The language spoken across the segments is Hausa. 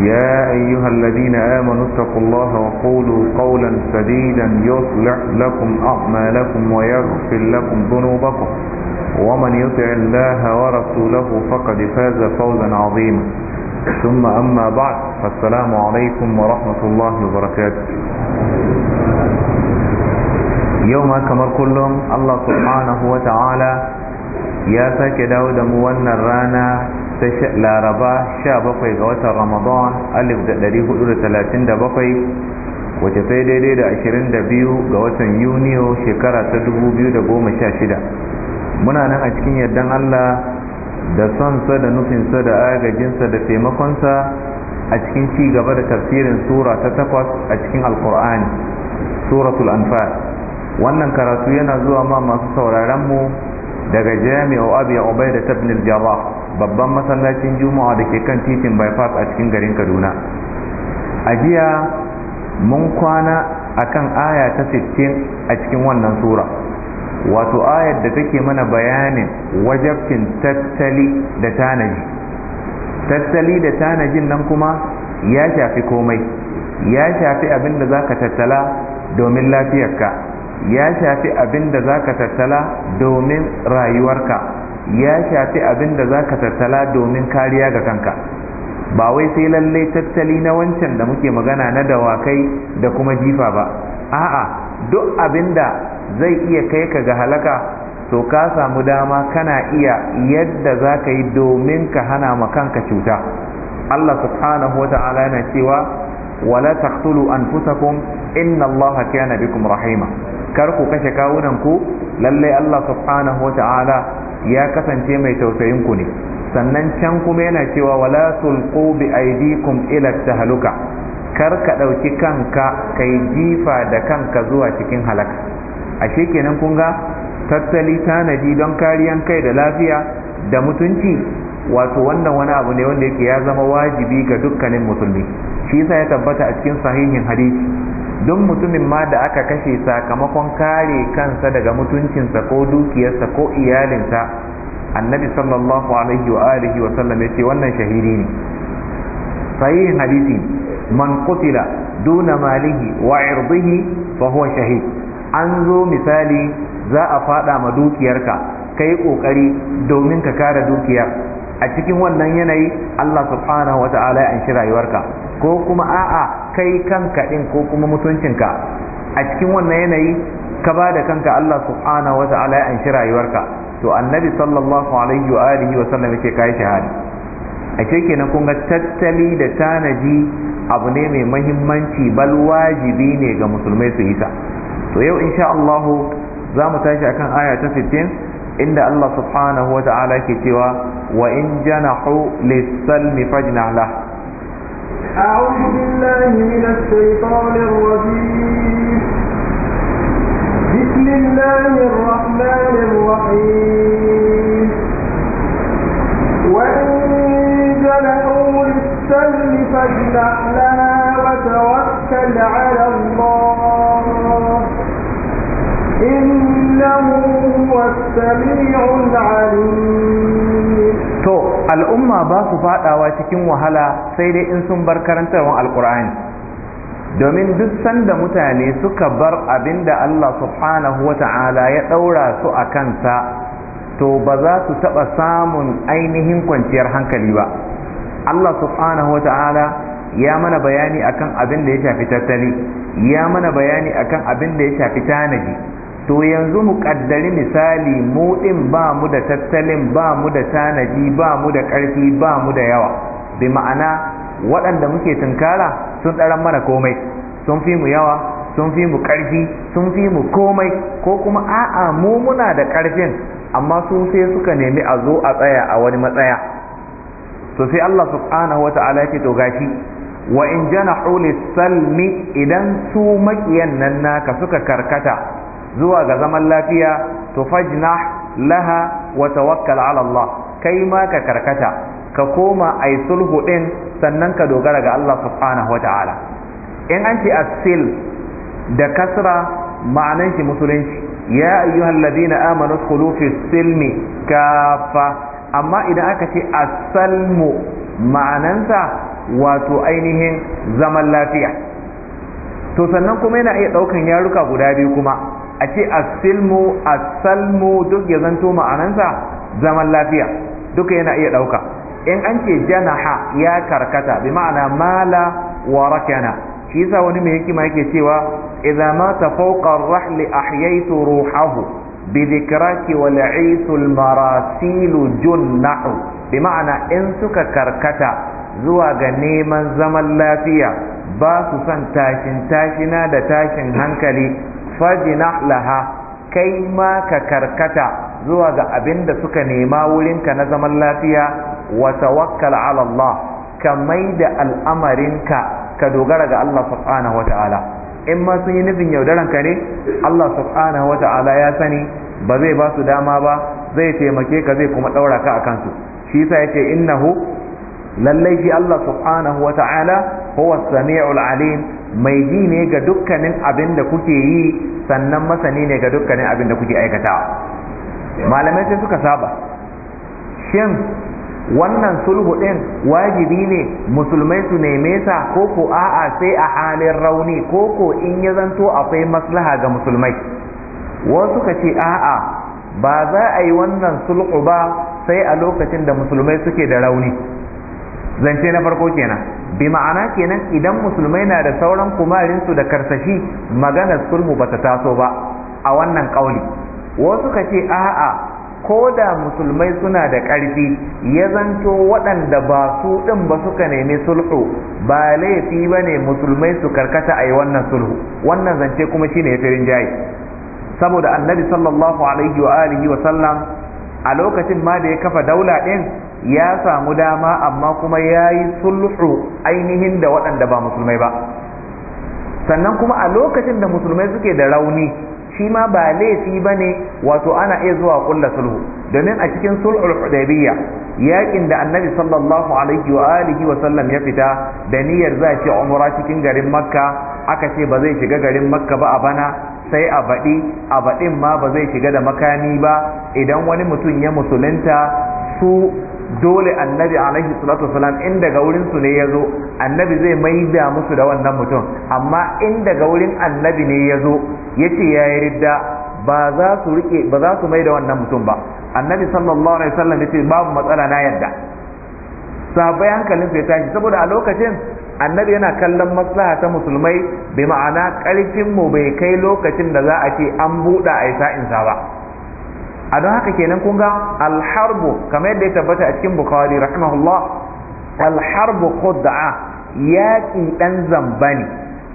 يا أيها الذين آمنوا اتقوا الله وقولوا قولا سديدا يصلح لكم أعمالكم ويغفر لكم ذنوبكم ومن يطع الله ورسوله فقد فاز فوزا عظيما ثم أما بعد فالسلام عليكم ورحمة الله وبركاته يوم كمر كلهم الله سبحانه وتعالى يا ساك داود مولنا الرانا ta laraba 17 ga watan ramadan 1437 wace sai daidai da 22 ga watan yuniyo shekara ta 2016 muna nan a cikin yardan allah da son sa da nufinsa da agajinsa da taimakonsa a cikin ci gaba da tafsirin sura ta takwas a cikin alkur'ani suratul anfal wannan karatu yana zuwa ma masu sauraron mu daga jami'u abu obai da al babban masallacin juma'a da ke kan titin bypass a cikin garin kaduna a jiya mun kwana a kan aya ta 60 a cikin wannan sura wato ayar da take mana bayanin wajabcin tattali da tanaji tattali da tanajin nan kuma ya shafi komai ya shafi abin da za ka tattala domin lafiyarka ya shafi abin da za ka tattala domin rayuwarka ya shafi abin da za ka tattala domin kariya ga kanka ba wai sai lalle tattali na wancan da muke magana na dawakai da kuma jifa ba a'a duk abin da zai iya kai ka ga halaka to ka samu dama kana iya yadda za ka yi domin ka hana ma kanka cuta allah subhanahu wa ta'ala yana cewa wala taqtulu anfusakum inna allaha kana bikum rahima kar ku kashe kawunan ku lallai Allah subhanahu wata'ala ya kasance mai tausayin ku ne sannan can kuma yana cewa wala tulqu bi aydikum ila tahluka kar ka dauki kanka kai jifa da kanka zuwa cikin halaka ashe kenan kun ga tattali tanadi don kariyan kai da lafiya da mutunci wato wannan wani abu ne wanda yake ya zama wajibi ga dukkanin musulmi shi yasa ya tabbata a cikin sahihin hadisi don mutumin ma da aka kashe sakamakon kare kansa daga mutuncinsa ko dukiyarsa ko iyalinsa annabi sallallahu alaihi wa alihi wa sallam ce wannan shahidi ne sahihin hadisi man qutila duna malihi wa irdihi fa huwa shahid an zo misali za a fada ma dukiyarka kai kokari domin ka kare dukiyar a cikin wannan yanayi Allah subhanahu wa ta'ala ya anshi rayuwarka ko kuma a'a kai kanka din ko kuma mutuncinka a cikin wannan yanayi ka ba da kanka Allah subhanahu wa ta'ala ya anshi rayuwarka to annabi sallallahu alaihi wa alihi wa sallam yake kai shahada ashe kenan kun ga tattali da tanaji abu ne mai muhimmanci bal wajibi ne ga musulmai su yi ta to yau insha Allah za mu tashi akan aya ta 15 inda Allah subhanahu wa ta'ala ke cewa wa in janahu lis-salmi fajnah lahu أعوذ بالله من الشيطان الرجيم بسم الله الرحمن الرحيم وإن جنحوا للسلم فاجنح لها وتوكل على الله إنه هو السميع العليم to al'umma ba su fadawa cikin wahala sai dai in sun bar karantarwar alkur'ani domin duk sanda mutane suka bar abin da Allah subhanahu wata'ala ya ɗaura su a kansa to ba za su taɓa samun ainihin kwanciyar hankali ba Allah subhanahu wata'ala ya mana bayani akan abin da ya shafi tattali ya mana bayani akan abin da ya shafi tanadi to yanzu mu kaddari misali mu din ba mu da tattalin ba mu da tanaji ba mu da ƙarfi ba mu da yawa bi ma'ana waɗanda muke tunkara sun ɗaran mana komai sun fi mu yawa sun fi mu ƙarfi sun fi mu komai ko kuma a'a mu muna da ƙarfin amma su sai suka nemi a zo a tsaya a wani matsaya to sai Allah subhanahu wa ta'ala yake to gashi wa in janahu lis-salmi idan su makiyan nan naka suka karkata zuwa ga zaman lafiya to fajnah laha wa tawakkal ala Allah kai ma ka karkata ka koma ai sulhu din sannan ka dogara ga Allah subhanahu wa ta'ala in an ce asil da kasra ma'anan shi musulunci ya ayyuhal ladina amanu khulu fi silmi kafa amma idan aka ce asalmu ma'anansa wato ainihin zaman lafiya to sannan kuma yana iya ɗaukan yaruka guda biyu kuma a ce asilmu asalmu duk ya zanto ma'anansa zaman lafiya duka yana iya ɗauka in an ce janaha ya karkata bi ma'ana mala wa rakana shi yasa wani mai hikima yake cewa idza mata fawqa ar-rahl ahyaytu ruhahu bi dhikraki wa la'isul marasilu junnahu bi ma'ana in suka karkata zuwa ga neman zaman lafiya ba su son tashin tashina da tashin hankali na laha kai ma ka karkata zuwa ga abin da suka nema wurinka na zaman lafiya wa tawakkal ala Allah ka mai da al'amarinka ka dogara ga Allah subhanahu wata'ala in ma sun yi nufin yaudaranka ne Allah subhanahu wata'ala ya sani ba zai ba su dama ba zai taimake ka zai kuma ɗaura ka a kansu shi yasa yace innahu lallai shi Allah subhanahu wata'ala huwa as-sami'ul 'alim mai ji ne ga dukkanin abin da kuke yi sannan masani ne ga dukkanin abin da kuke aikata malamai sai suka saba shin wannan sulhu ɗin wajibi ne musulmai su neme sa ko ko a'a sai a halin rauni ko ko in ya zanto akwai maslaha ga musulmai wasu suka ce a'a ba za a yi wannan sulhu ba sai a lokacin da musulmai suke da rauni zance na farko kenan bi ma'ana kenan idan musulmai na da sauran kumarinsu da karsashi maganar sulhu ta taso ba a wannan kauli wasu ka ce a'a ko da musulmai suna da ƙarfi ya zanto waɗanda ba su ɗin ba suka nemi sulhu ba laifi ba ne musulmai su karkata a yi wannan sulhu wannan zance kuma shine ya firin jayi saboda annabi sallallahu alaihi wa alihi wa sallam a lokacin ma da ya kafa daula ɗin ya samu dama amma kuma ya yi sulhu ainihin da waɗanda ba musulmai ba sannan kuma a lokacin da musulmai suke da rauni shi ma ba laifi ba ne wato ana iya zuwa kulla sulhu domin a cikin sulhul hudaybiyya yakin da annabi sallallahu alaihi wa alihi wa sallam ya fita da niyyar za shi umra cikin garin makka aka ce ba zai shiga garin makka ba a bana sai a baɗi a baɗin ma ba zai shiga da makami ba idan wani mutum ya musulunta su dole annabi alaihi salatu wasalam in daga wurin su ne ya zo annabi zai mai da musu da wannan mutum amma in daga wurin annabi ne ya zo ya ce ya yi ridda ba za su rike ba za su maida wannan mutum ba annabi sallallahu alaihi wasallam ya ce babu matsala na yadda sabai hankalin sai tashi saboda a lokacin annabi yana kallon maslaha ta musulmai bi ma'ana karfin mu bai kai lokacin da za a ce an buɗa a yi sa'insa ba a don haka kenan kun ga alharbu kamar yadda ya tabbata a cikin bukhari rahimahullah alharbu khud'a yaƙi ɗan zamba ne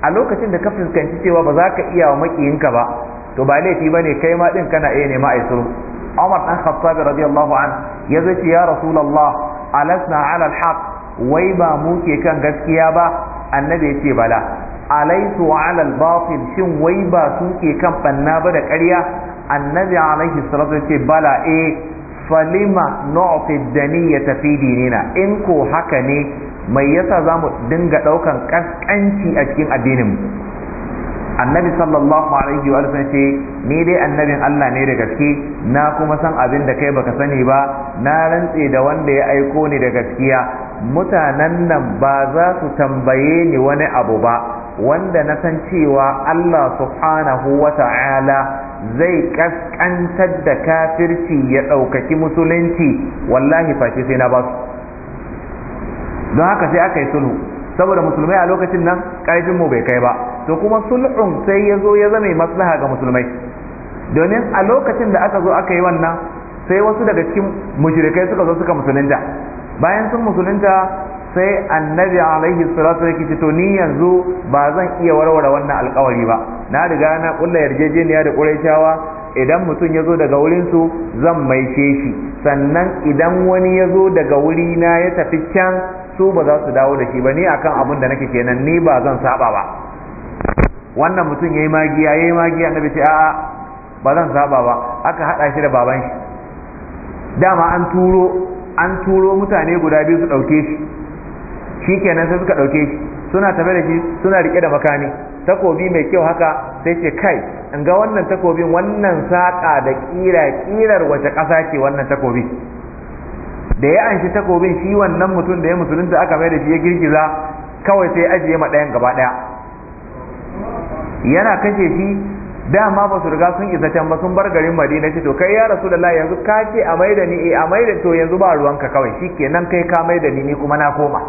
a lokacin da ka fuskanci cewa ba za ka iya wa makiyinka ba to ba laifi ba ne kai ma kana iya nema a isuru umar ɗan khattab radiyallahu an ya zace ya rasulullah alasna ala alhaq wai ba mu ke kan gaskiya ba annabi ya ce bala alaisu ala albatil shin wai ba su ke kan banna ba da ƙarya annabi alaihi salatu ce bala e falima dani ya tafi dinina in ko haka ne mai yasa za mu dinga ɗaukan ƙasƙanci a cikin addinin annabi sallallahu alaihi wa sallam ce ni dai annabin Allah ne da gaske na kuma san abin da kai baka sani ba na rantse da wanda ya aiko ni da gaskiya mutanen nan ba za su tambaye ni wani abu ba wanda na san cewa Allah subhanahu wa ta'ala zai kaskantar da kafirci ya ɗaukaki musulunci wallahi face sai na ba su don haka sai aka yi sulhu saboda musulmai a lokacin nan ƙarfin mu bai kai ba to kuma sulhun sai ya zo ya zama maslaha ga musulmai domin a lokacin da aka zo aka yi wannan sai wasu daga cikin mushrikai suka zo suka musulunta bayan sun musulunta sai annabi alaihi salatu yake ce to ni yanzu ba zan iya warware wannan alkawari ba na riga na kulla yarjejeniya da quraishawa idan mutum ya zo daga wurinsu zan maishe shi sannan idan wani ya zo daga na ya tafi can su ba za su dawo da shi ba ni akan abin da nake kenan ni ba zan saba ba wannan mutum ya yi magiya ya yi magiya annabi ce a'a ba zan saba ba aka haɗa shi da baban shi dama an turo an turo mutane guda biyu su ɗauke shi shi shikenan sai suka dauke shi suna tafe da shi suna rike da makami takobi mai kyau haka sai ce kai in ga wannan takobin wannan saƙa da ƙira ƙirar wace ƙasa ce wannan takobi da ya anshi takobin shi wannan mutum da ya musulunta aka mai da shi ya girgiza kawai sai ajiye ma ɗayan gaba ɗaya yana kashe shi dama ba su riga sun isa can ba sun bar garin madina ce to kai ya rasu da yanzu ka ce a maida ni eh, a maida to yanzu ba ruwanka kawai shi kenan kai ka maida ni ni kuma na koma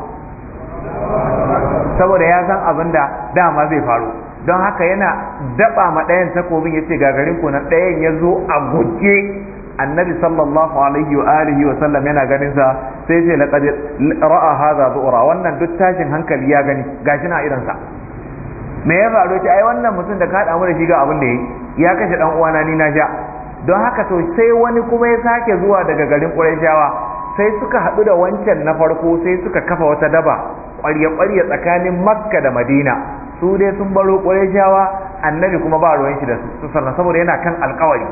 saboda ya san abin da dama zai faru don haka yana daba ma ɗayan takobin ya ce gagarin ku na ɗayan ya zo a guje annabi sallallahu alaihi wa alihi wa sallam yana ganin sa sai ce laqad ra'a hadha zu'ra wannan duk tashin hankali ya gani gashi na irin sa me ya faru ce ai wannan mutum da ka mu da shi ga abin da yayi ya kashe dan uwana ni na sha don haka to sai wani kuma ya sake zuwa daga garin Qurayshawa sai suka haɗu da wancan na farko sai suka kafa wata daba ƙwarya-ƙwarya tsakanin makka da madina su dai sun baro ƙwarishawa annabi kuma ba ruwan shi da su sannan saboda yana kan alkawari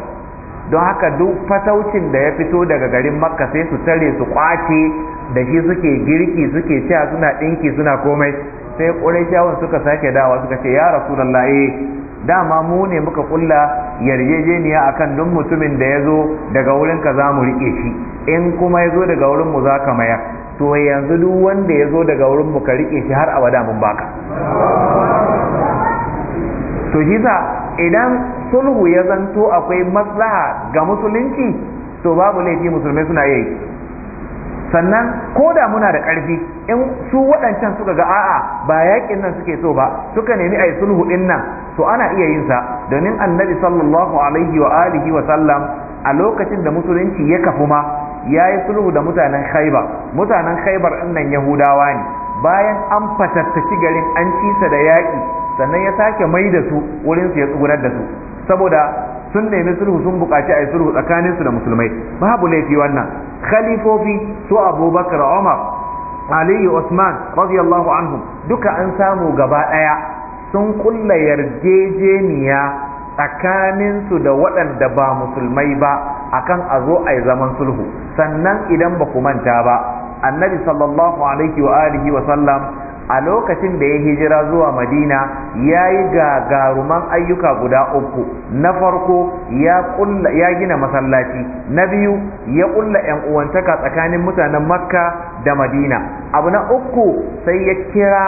don haka duk fataucin da ya fito daga garin makka sai su tare su kwace da shi suke girki suke cewa suna ɗinki suna komai sai ƙurayshawan suka sake dawa suka ce ya rasulallah eh dama mu ne muka kulla yarjejeniya akan duk mutumin da ya zo daga wurin ka za mu riƙe shi in kuma ya zo daga wurin mu za ka mayar to yanzu duk wanda ya zo daga wurin mu ka rike shi har abada mun baka to shi idan sulhu ya zanto akwai maslaha ga musulunci to babu laifi musulmai suna yi sannan ko da muna da ƙarfi in su waɗancan suka ga a'a ba yaƙin nan suke so ba suka nemi a yi sulhu ɗin nan to ana iya yin sa domin annabi sallallahu alaihi wa alihi wa sallam a lokacin da musulunci ya kafu ma ya yi sulhu da mutanen khaibar mutanen khaibar nan yahudawa ne bayan an fatattaki garin an cisa da yaƙi sannan ya sake mai da su wurin su ya tsugunar da su saboda sun nemi sulhu sun buƙaci a yi sulhu tsakanin su da musulmai babu laifi wannan khalifofi su abubakar umar aliyu usman radiyallahu anhum duka an samu gaba ɗaya sun kulla yarjejeniya su da waɗanda ba musulmai ba akan a zo a yi zaman sulhu sannan idan ba ku manta ba annabi sallallahu alaihi wa alihi wa sallam a lokacin da ya hijira zuwa madina ya yi gagaruman ayyuka guda uku na farko ya gina masallaci na biyu ya ƙulla 'yan uwantaka tsakanin mutanen makka da madina abu na uku sai ya kira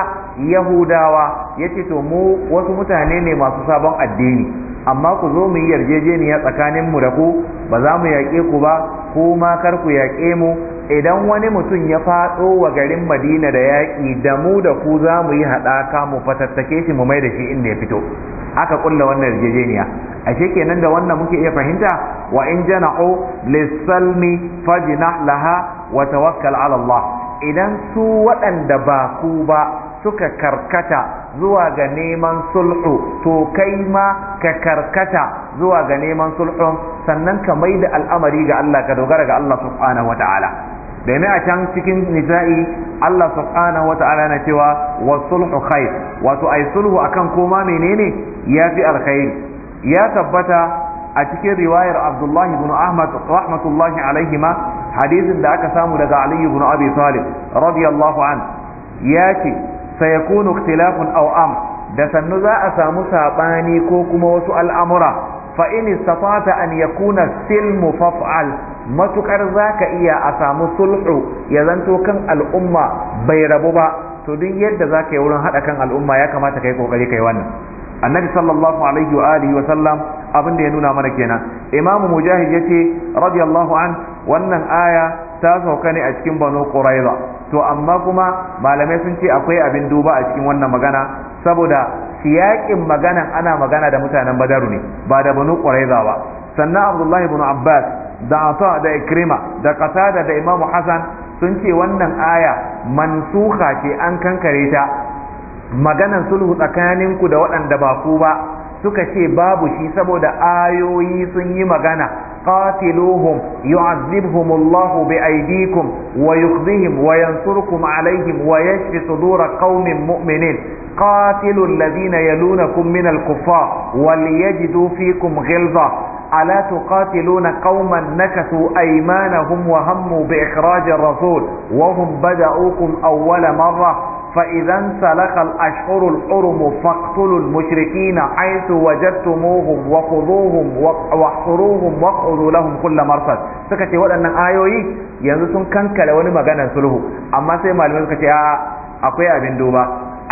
yahudawa ya ce to mu wasu mutane ne masu sabon addini amma ku zo mu yi yarjejeniya tsakanin mu da ku ba za mu yaƙe ku ba ko ma kar ku yaƙe mu idan wani mutum ya faɗo wa garin madina da yaƙi da mu da ku za mu yi haɗaka mu fatattake shi mu mai da shi inda ya fito aka kulla wannan yarjejeniya ashe kenan da wannan muke iya fahimta wa in jana'u lisalmi fajnah laha wa tawakkal ala Allah idan su waɗanda ba ku ba suka karkata zuwa ga neman sulhu to kai ma ka karkata zuwa ga neman sulhun sannan ka mai da al'amari ga Allah ka dogara ga Allah subhanahu wa ta'ala domin a can cikin nisa'i Allah subhanahu wa ta'ala na cewa wa sulhu khair wato ai sulhu akan koma menene ya fi alkhairi ya tabbata a cikin riwayar Abdullahi ibn Ahmad rahmatullahi alaihi ma hadisin da aka samu daga Ali ibn Abi Talib radiyallahu an ya ce sayakunu ikhtilafun aw am da sannu za a samu sabani ko kuma wasu al'amura fa in istata an yakuna silmu faf'al matukar zaka iya a samu sulhu ya zanto kan al'umma bai rabu ba to duk yadda zaka yi wurin hada kan al'umma ya kamata kai kokari kai wannan annabi sallallahu alaihi wa alihi wa sallam abin da ya nuna mana kenan imamu mujahid yace radiyallahu an wannan aya ta sauka ne a cikin banu quraiza to amma kuma malamai sun ce akwai abin duba a cikin wannan magana saboda siyaƙin maganan ana magana da mutanen badaru ne ba da banu ƙwaraiza ba sannan abdullahi ibn abbas da ata da ikrima da ƙasa da imamu hasan sun ce wannan aya mansuha ce an kankare ta maganan sulhu tsakanin ku da waɗanda ba ku ba suka ce babu shi saboda ayoyi sun yi magana قاتلوهم يعذبهم الله بأيديكم ويخذهم وينصركم عليهم ويشف صدور قوم مؤمنين قاتلوا الذين يلونكم من الكفار وليجدوا فيكم غلظة ألا تقاتلون قوما نكثوا أيمانهم وهموا بإخراج الرسول وهم بدأوكم أول مرة فإذا انسلخ الأشهر الحرم فاقتلوا المشركين حيث وجدتموهم وخذوهم واحصروهم واقعدوا لهم كل مرصد suka ce waɗannan ayoyi yanzu sun kankare wani maganar sulhu amma sai malamai suka ce a akwai abin duba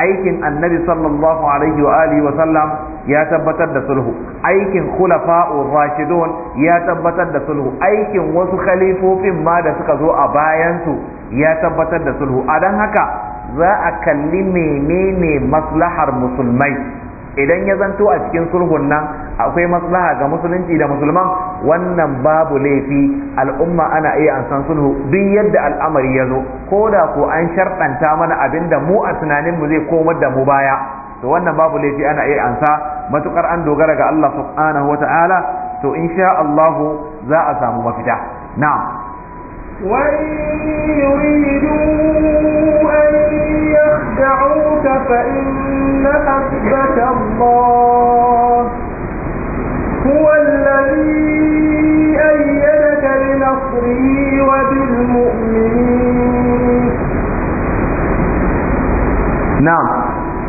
aikin annabi sallallahu alaihi wa alihi wa sallam ya tabbatar da sulhu aikin khulafa'ur rashidun ya tabbatar da sulhu aikin wasu khalifofin ma da suka zo a bayansu ya tabbatar da sulhu a don haka za a kalli menene maslahar musulmai idan ya zanto a cikin sulhun nan akwai maslaha ga musulunci da musulman wannan babu laifi al'umma ana iya an san sulhu duk yadda al'amari ya zo ko da ko an sharɗanta mana abin da mu a tunaninmu zai komar da mu baya to wannan babu laifi ana iya ansa matukar an dogara ga Allah subhanahu wata'ala to insha Allah za a samu mafita na'am وإن يريدوا أن ودعوك فإن حسبك الله هو الذي أيدك بنصره وبالمؤمنين نعم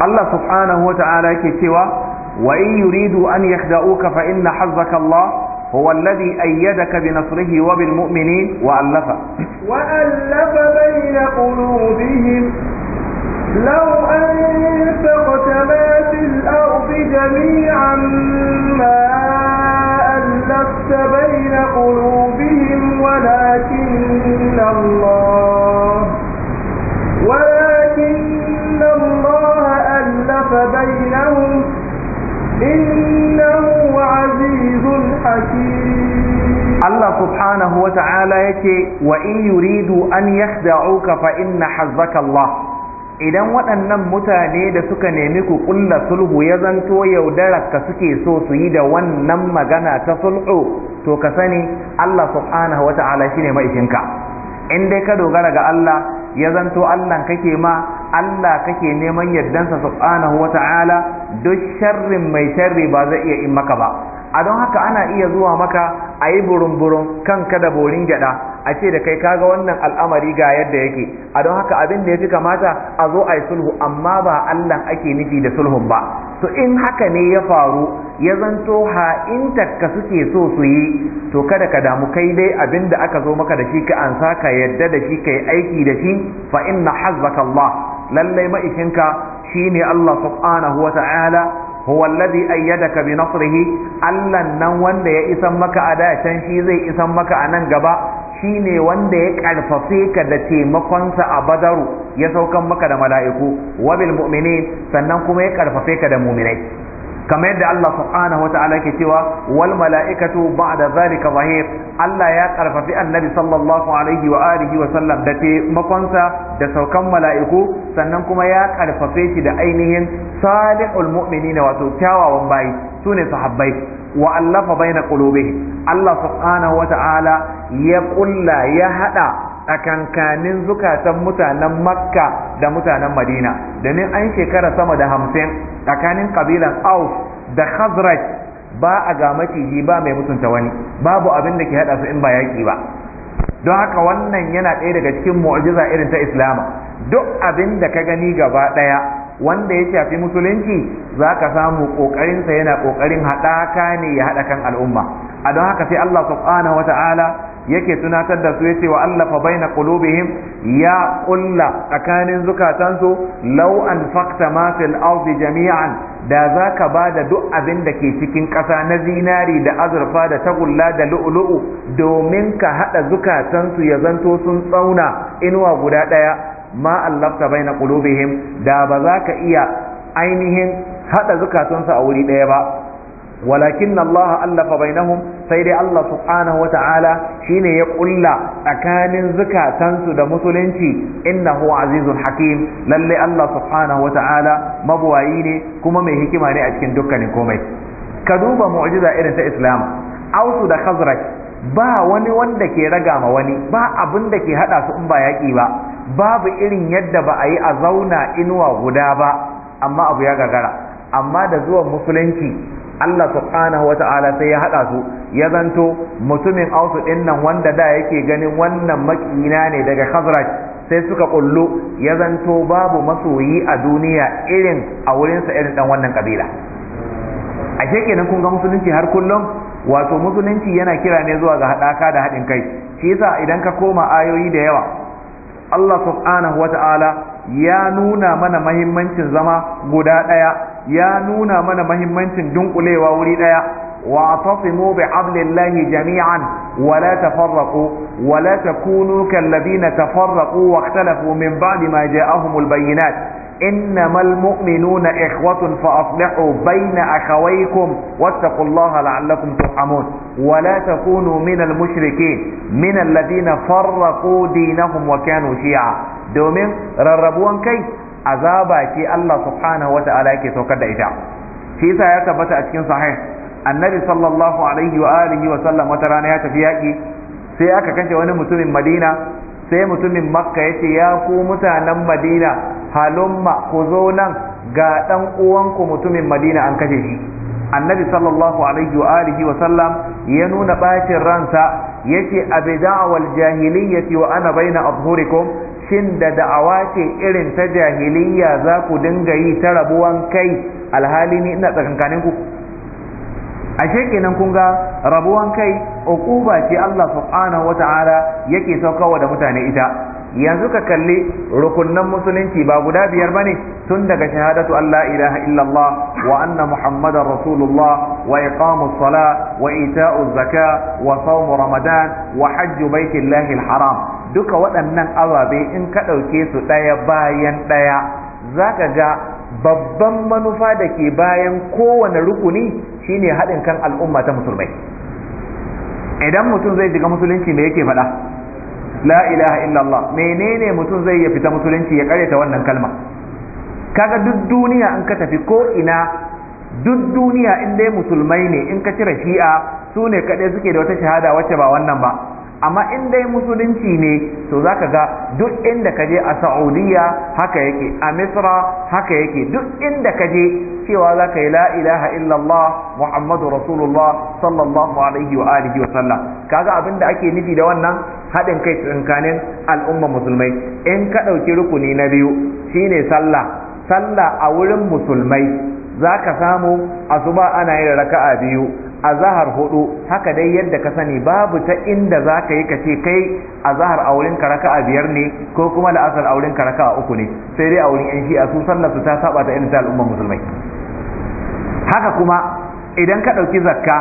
الله سبحانه وتعالى كتوى وإن يريدوا أن يخدعوك فإن حظك الله هو الذي أيدك بنصره وبالمؤمنين وألف وألف بين قلوبهم لو أنفقت ما في الأرض جميعا ما ألفت بين قلوبهم ولكن الله ولكن الله ألف بينهم إنه عزيز حكيم Allah subhanahu wa ta'ala yake wa in yuridu an yakhda'uka الله hazzaka Allah idan waɗannan mutane da suka nemi ku ƙulla sulhu ya zanto ka suke so su yi da wannan magana ta sulhu to ka sani Allah subhanahu wa ta'ala shine ma'ishinka in dai ka dogara ga Allah ya zanto Allah kake ma Allah kake neman yardansa subhanahu wa ta'ala duk sharrin mai sharri ba zai iya in maka ba a don haka ana iya zuwa maka a yi burin-burin kanka da borin gyada a ce da kai kaga wannan al'amari ga yadda yake a don haka abin da ya fi kamata a zo a yi sulhu amma ba Allah ake nufi da sulhun ba to in haka ne ya faru ya zanto in ka suke so su yi to kada ka damu kai dai abin da aka zo maka da shi ka ansa ka yadda da shi ka yi aiki da shi fa inna hazbaka Allah lallai ma'ishinka shine Allah subhanahu wa ta'ala huwa ayyada ayyadaka bi nan wanda ya isan maka a da can shi zai isan maka a nan gaba shi ne wanda ya karfafe ka da taimakonsa a badaru ya saukan maka da mala'iku wa bil sannan kuma ya karfafe ka da mu'minai kama da Allah subhanahu wata'ala cewa wal mala'ikatu da zalika zahir Allah ya karfafi annabi sallallahu alaihi wa da te makonsa da saukan mala'iku sannan kuma ya karfafe shi da ainihin salihul mu'minina wato kyawawan bayi sune sahabbai wa allafa baina qulubihim Allah subhanahu ya ƙulla ya haɗa. tsakankanin zukatan mutanen makka da mutanen madina domin an shekara sama da hamsin tsakanin kabilan aus da khazraj ba a ga maciji ba mai mutunta wani babu abin da ke hada su in ba yaƙi ba don haka wannan yana ɗaya daga cikin mu'jiza irin ta islama duk abin da ka gani gaba ɗaya wanda ya shafi musulunci za ka samu ƙoƙarinsa yana ƙoƙarin haɗaka ne ya haɗa kan al'umma a don haka sai allah subhanahu wa ta'ala yake tunatar da su yace wa allafa baina qulubihim ya kulla tsakanin zukatansu lau'an anfaqta ma fil jami'an da zaka da duk abin da ke cikin ƙasa na zinari da azurfa da tagulla da Lu'uLu'u domin ka haɗa zukatansu ya zanto sun tsauna inuwa guda ɗaya, ma allafta baina qulubihim da ba za ka iya ainihin haɗa zukatansu a wuri ɗaya ba walakin allaha allafa bainahum sai dai Allah subhanahu wata'ala shine ya kulla tsakanin zukatansu da musulunci Inna huwa azizun hakim lalle Allah subhanahu wata'ala mabuwayi ne kuma mai hikima ne a cikin dukkanin komai ka duba mu'jiza irin ta Islam ausu da khazraj ba wani wanda ke raga ma wani ba abin da ke hada su in ba yaki ba babu irin yadda ba a yi a zauna inuwa guda ba amma abu ya gagara amma da zuwan musulunci Allah subhanahu wa ta'ala sai ya haɗa su ya zanto mutumin ausu ɗin nan wanda da yake ganin wannan makina ne daga khazraj sai suka kullu ya zanto babu masoyi a duniya irin a wurinsa irin ɗan wannan ƙabila. a kenan kun ga musulunci har kullum wato musulunci yana kira ne zuwa ga haɗaka da haɗin kai shi yasa idan ka koma ayoyi da yawa Allah subhanahu wata'ala ya nuna mana mahimmancin zama guda ɗaya ya nuna mana mahimmancin dunkulewa wuri ɗaya wa atasimu bi hablillahi jami'an wa la tafarraqu wa la takunu kallazina tafarraqu wa ikhtalafu min ba'di ma ja'ahumul bayyinat innamal mu'minuna ikhwatun fa aslihu bayna akhawaykum wattaqullaha la'allakum turhamun ولا تكونوا من المشركين من الذين فرقوا دينهم وكانوا شيعا دومين rarrabuwan kai a ce Allah subhanahu wa saukar da ita shi ya tabbata a cikin sahih annabi sallallahu alaihi wa alihi wa sallam wata rana ya tafi yaƙi, sai aka kashe wani mutumin Madina sai mutumin Makka ya ce ya ku mutanen Madina halumma ku zo nan ga ɗan uwanku mutumin Madina an kashe shi annabi sallallahu alaihi wa alihi wa sallam ya nuna bacin ransa yace abi da'wal jahiliyyati wa ana baina abhurikum shin da da'awa ce irin ta jahiliyya za ku dinga yi ta rabuwan kai alhali ni ina tsakankanin ku ashe kenan kun ga rabuwan kai uquba ce Allah subhanahu ta'ala yake saukawa da mutane ita yanzu ka kalli rukunnan musulunci ba guda biyar bane tun daga shahadatu Allah ilaha illallah wa anna muhammadar rasulullah wa iqamus sala wa ita'uz zaka wa sawm ramadan wa hajju baitillahi haram duka waɗannan ababe in ka ɗauke su ɗaya bayan ɗaya zaka ga babban manufa da ke bayan kowane rukuni shine haɗin kan al'umma ta musulmai idan mutum zai shiga musulunci me yake faɗa la ilaha illallah menene mutum zai ya fita musulunci ya karyata wannan kalma kaga duk duniya in ka tafi ko ina duk duniya in dai musulmai ne in ka cire shi'a su ne kaɗai suke da wata shahada wacce ba wannan ba amma in dai musulunci ne to zaka ga duk inda ka je a Saudiya haka yake a Misra haka yake duk inda ka je cewa zaka yi la ilaha illallah Muhammadu Rasulullah sallallahu alaihi wa alihi wa sallam kaga abinda ake nufi da wannan haɗin kai tsinkanin al'umma musulmai in ka ɗauki rukuni na biyu shine sallah sallah a wurin musulmai zaka samu asuba ana yin raka'a biyu A zahar hudu haka dai yadda ka sani babu ta inda za ka yi ka ce kai azahar a wurin karaka a biyar ne ko kuma la'asar a wurin karaka a uku ne sai dai a wurin yan shi'a su sallar su ta saba ta irin ta al'ummar musulmai haka kuma idan ka ɗauki zakka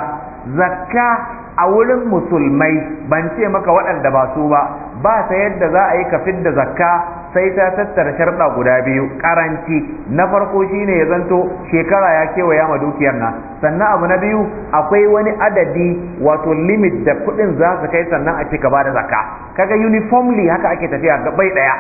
zakka a wurin musulmai ban ce maka waɗanda ba su ba ba ta yadda za a yi ka fidda zakka sai ta tattara sharɗa guda biyu karanci na farko shi ne ya zanto shekara ya kewaya ma dukiyar na sannan abu na biyu akwai wani adadi wato limit da kuɗin za su kai sannan a cika ba da zaka kaga uniformly haka ake tafiya bai ɗaya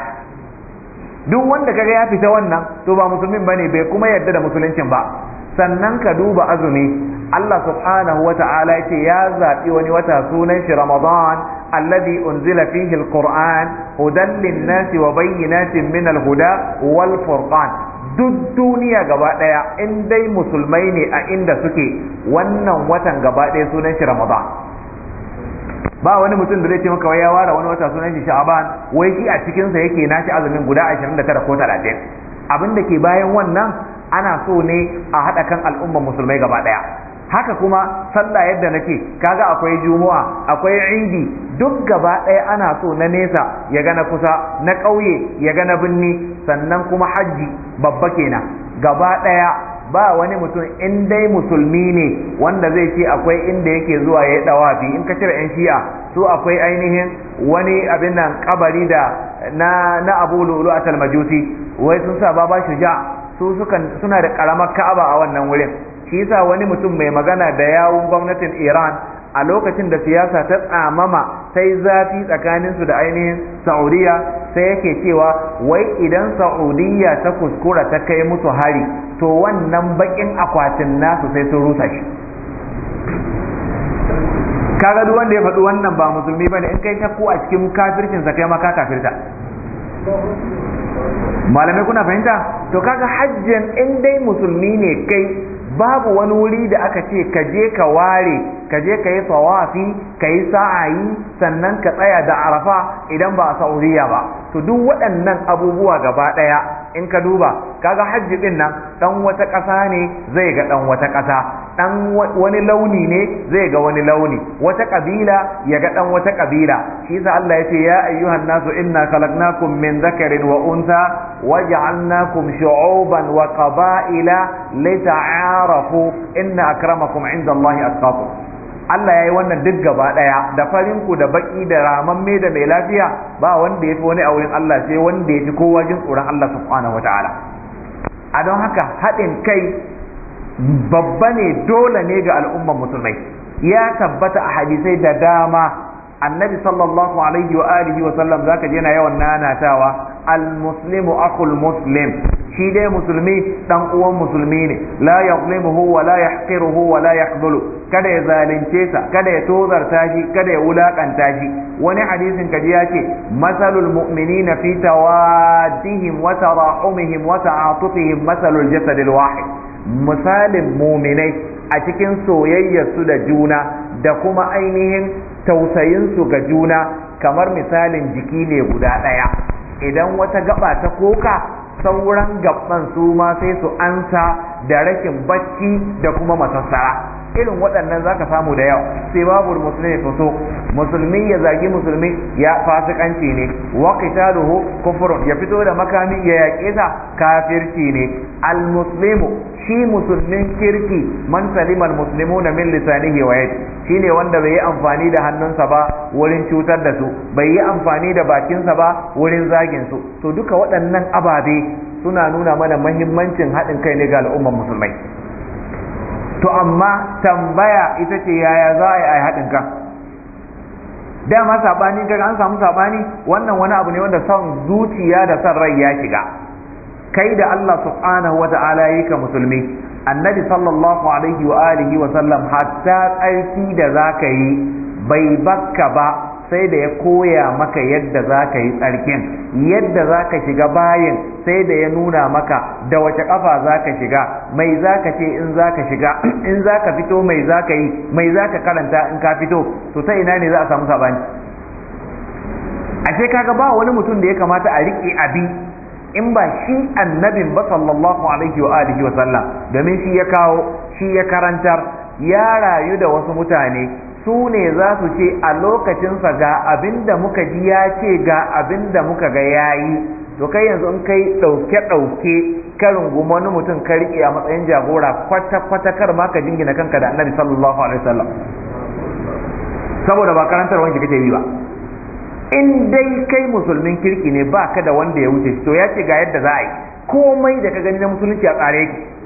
duk wanda kaga ya fita wannan to ba musulmin bane bai kuma yarda da musuluncin ba sannan ka duba azumi Allah subhanahu wa ta'ala ya ce ya zaɓi wani wata sunan shi Ramadan alladhi unzila fihi alquran hudan linnasi wa bayyinatin min alhuda wal furqan duk duniya gaba daya in dai musulmai ne a inda suke wannan watan gaba daya sunan shi Ramadan ba wani mutum da zai ce maka wai ya ware wani wata sunan shi Sha'ban wai shi a cikin sa yake nashi azumin guda 29 ko 30 abin da ke bayan wannan ana so ne a haɗa kan al'umman musulmai gaba ɗaya haka kuma sallah yadda nake kaga akwai juma'a akwai indi duk gaba ɗaya ana so na nesa ya gana kusa na ƙauye ya gana na binni sannan kuma hajji babba kenan gaba ɗaya ba wani mutum in dai musulmi ne wanda zai ce akwai inda yake zuwa ya yi ɗawafi in ka cire 'yan shi'a su akwai ainihin wani abin nan kabari da na abu lulu a talmajusi wai sun sa ba baba shuja su suna da karamar ka'aba a wannan wurin shi yasa wani mutum mai magana da yawun gwamnatin Iran a lokacin da siyasa ta tsamama sai zafi tsakanin su da ainihin Saudiya sai yake cewa wai idan Saudiya ta kuskura ta kai musu hari to wannan bakin akwatin nasu sai sun rusa shi kaga duk wanda ya faɗi wannan ba musulmi bane in kai shakku a cikin kafircin sa ma ka kafirta malamai kuna fahimta to kaga hajjin in dai musulmi ne kai babu wani wuri da aka ce ka je ka ware ka je ka yi tawafi ka yi sa'ayi sannan ka tsaya da arafa idan ba a sa'uriya ba to duk waɗannan abubuwa gaba ɗaya in ka duba kaga hajji ɗin nan ɗan wata ƙasa ne zai ga ɗan wata ƙasa dan wani launi ne zai ga wani launi wata kabila ya ga dan wata kabila shi yasa Allah yace ya ayyuhan nasu inna khalaqnakum min dhakarin wa untha waja'alnakum shu'uban wa qaba'ila lita'arafu inna akramakum 'inda Allahi atqakum Allah ya yi wannan duk gaba ɗaya da farin ku da baki da ramamme da mai lafiya ba wanda ya fi wani a wurin Allah sai wanda ya fi kowa jin tsoron Allah subhanahu wa ta'ala a don haka haɗin kai babba ne dole ne ga al'ummar musulmai ya tabbata a hadisai da dama annabi sallallahu alaihi wa alihi wa sallam zaka je yana yawan nanatawa al-muslimu akhul muslim shi dai musulmi dan uwan musulmi ne la yuzlimuhu wa la yahqiruhu wa la yakhdhulu kada ya zalunce sa kada ya tozarta shi kada ya wulakanta shi wani hadisin kaji ya ce masalul mu'minina fi tawaddihim wa tarahumihim wa ta'atufihim masalul jasadil wahid misalin muminai a cikin soyayyarsu da juna da kuma ainihin tausayinsu ga juna kamar misalin jiki ne guda ɗaya idan wata gaba ta koka sauran gaban su ma sai su ansa da rashin bacci da kuma masassara irin waɗannan zaka samu da yawa sai babu musulmi fito musulmi ya zagi musulmi ya fasikanci ne wa qitaluhu kufrun ya fito da makami ya yaƙe ta kafirci ne al muslimu shi musulmin kirki man salima al na min lisanihi wa yadi ne wanda bai yi amfani da hannunsa ba wurin cutar da su bai yi amfani da bakinsa ba wurin zagin su to duka waɗannan ababe suna nuna mana mahimmancin haɗin kai ne ga al'ummar musulmai to amma tambaya ita ce yaya za a yi a haɗin kan dama sabani kaga an samu sabani wannan wani abu ne wanda son zuciya da son rai ya shiga kai da Allah subhanahu wata'ala yayi ka musulmi annabi sallallahu alaihi wa alihi wa sallam hatta tsarki da za ka yi bai bakka ba sai da ya koya maka yadda za ka yi tsarkin yadda za ka shiga bayin sai da ya nuna maka da wace ƙafa za ka shiga mai za ka ce in za ka shiga in za ka fito mai za ka yi mai za ka karanta in ka fito to ta ina ne za a samu sabani ashe kaga ba wani mutum da ya kamata a riƙe abi in ba shi annabin ba sallallahu alaihi wa alihi wa sallam domin shi ya kawo shi ya karantar ya rayu da wasu mutane su ne za su ce a lokacinsa ga abinda muka ji ya ce ga abinda muka ga ya yi to kai yanzu in kai ɗauke-ɗauke karin goma wani mutum ka riƙe a matsayin jagora kwata-kwata kar ma ka jingina kanka da annabi sallallahu alaihi wasallam saboda ba karantar wanki kake yi ba in dai kai musulmin kirki ne ba ka da wanda ya wuce to ya ce ga yadda za a yi komai da ka gani na musulunci a tsare yake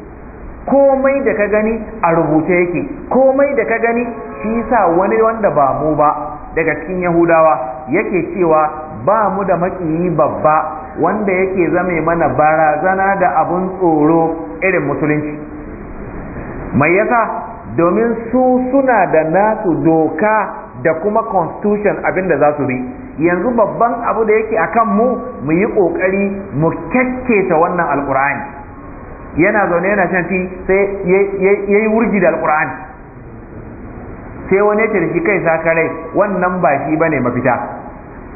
komai da ka gani a rubuce yake komai da ka gani shi sa wani wanda ba mu ba daga cikin yahudawa yake cewa ba mu da makiyi babba wanda yake zame mana barazana da abun tsoro irin musulunci mai yasa domin su suna da nasu doka da kuma constitution abinda za su bi yanzu babban abu da yake akan mu mu yi ƙoƙari mu kyakketa wannan alkur'ani yana zaune yana shan ti sai ya yi wurgi da alkur'ani sai wani ya da shi kai kare wannan ba shi ne mafita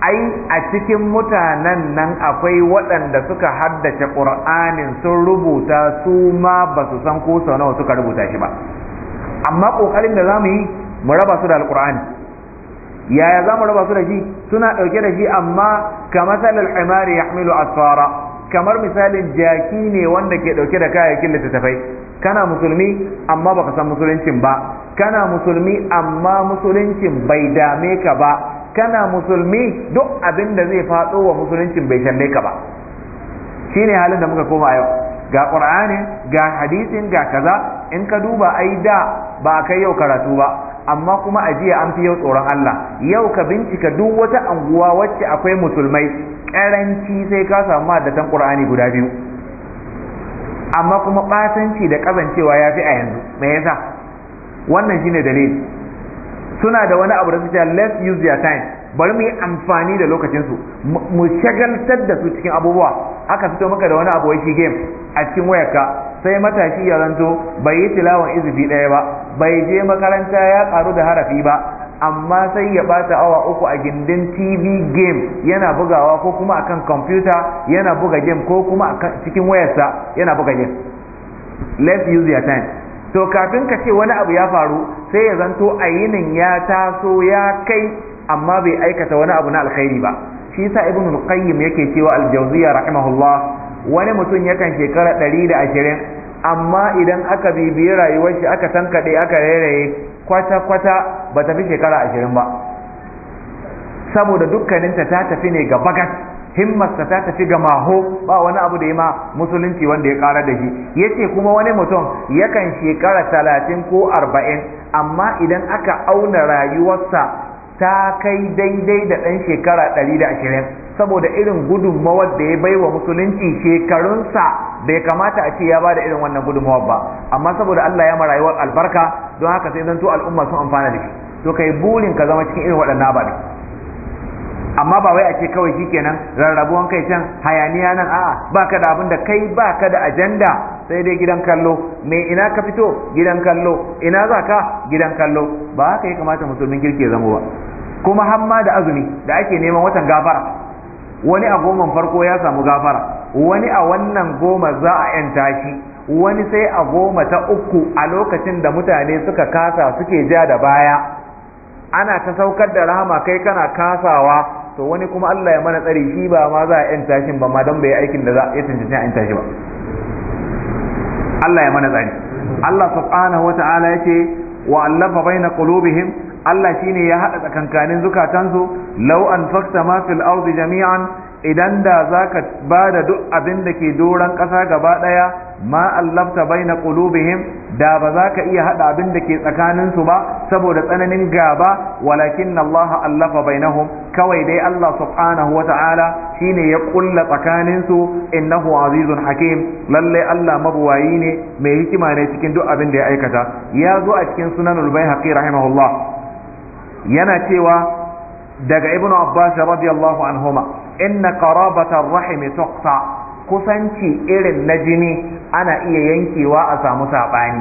ai a cikin mutanen nan akwai waɗanda suka haddace ƙur'anin sun rubuta su ma ba su san ko sau nawa suka rubuta shi ba amma ƙoƙarin da za mu yi mu raba su da alƙur'ani yaya za mu raba su da shi suna ɗauke da shi amma ka matsalar imari ya asfara kamar misalin jaki ne wanda ke dauke da kayayyakin littattafai kana musulmi amma baka san musuluncin ba kana musulmi amma musuluncin bai dame ka ba kana musulmi duk abin da zai faɗo wa musuluncin bai shalle ka ba shine halin da muka koma yau ga qur'ani ga hadisin ga kaza in ka duba ai da ba kai yau karatu ba amma kuma a jiya an fi yau tsoron Allah yau ka bincika duk wata anguwa wacce akwai musulmai karanci sai ka samu haddatan Qur'ani guda biyu amma kuma batanci da kazancewa ya fi a yanzu me yasa wannan shine dalili suna da wani abu da suke let's use their time bari mu yi amfani da lokacinsu mu shagaltar da su cikin abubuwa aka fito maka da wani abu wai shi game a cikin wayarka sai matashi ya zanto bai yi tilawan izifi ɗaya ba bai je makaranta ya karu da harafi ba amma sai ya bata awa uku a gindin tv game yana bugawa ko kuma akan kwamfuta yana buga game ko kuma cikin wayarsa yana buga game let's use your time to kafin ka ce wani abu ya faru sai ya zanto a yinin ya taso ya kai amma bai aikata wani abu na alkhairi ba shi sa ibn al-qayyim yake cewa al-jawziyya rahimahullah wani mutum yakan shekara 120 amma idan aka bibiyi rayuwar shi aka tankade aka rairaye kwata kwata ba tafi shekara 20 ba saboda dukkaninta ta tafi ne ga bagat himmar ta ta tafi ga maho ba wani abu da ya ma musulunci wanda ya kara da shi yace kuma wani mutum yakan shekara talatin ko arba'in amma idan aka auna rayuwarsa ta kai daidai da ɗan shekara ɗari da ashirin saboda irin gudunmawar da ya bai wa musulunci shekarunsa bai kamata a ce ya ba da irin wannan gudunmawar ba amma saboda Allah ya ma rayuwar albarka don haka sai zanto al'umma sun amfana da shi to kai burin ka zama cikin irin waɗannan ba. amma ba wai a ce kawai shikenan rarrabuwan kai can hayaniya nan a'a baka da abin da kai baka da ajanda sai dai gidan kallo me ina ka fito gidan kallo ina za ka gidan kallo ba haka ya kamata musulmin kirki ya zama ba kuma hamma da azumi da ake neman watan gafara wani a goman farko ya samu gafara wani a wannan goma za a yanta shi wani sai a goma ta uku a lokacin da mutane suka kasa suke ja da baya ana ta saukar da rahama kai kana kasawa to wani kuma Allah ya mana tsari shi ba ma za a yanta tashin ba ma don bai aikin da za a yanta shi ba Allah ya mana tsari Allah subhanahu wata'ala yace wa allafa baina qulubihim Allah shine ya hada tsakankanin zukatansu law anfaqta ma fil ardi jami'an idan da zaka bada duk abin da ke doran kasa gaba daya ma allafta baina him da ba za ka iya hada abin da ke tsakaninsu ba saboda tsananin gaba walakin Allah allafa bainahum kawai dai Allah subhanahu shi ne ya kulla tsakanin su innahu azizun hakim lallai Allah mabuwayi ne mai hikima ne cikin duk abin da ya aikata ya zo a cikin sunanul baihaqi rahimahullah yana cewa daga ibnu abbas radiyallahu anhuma inna qarabata ar-rahim tuqta kusanci irin na jini ana iya yankewa a samu saɓani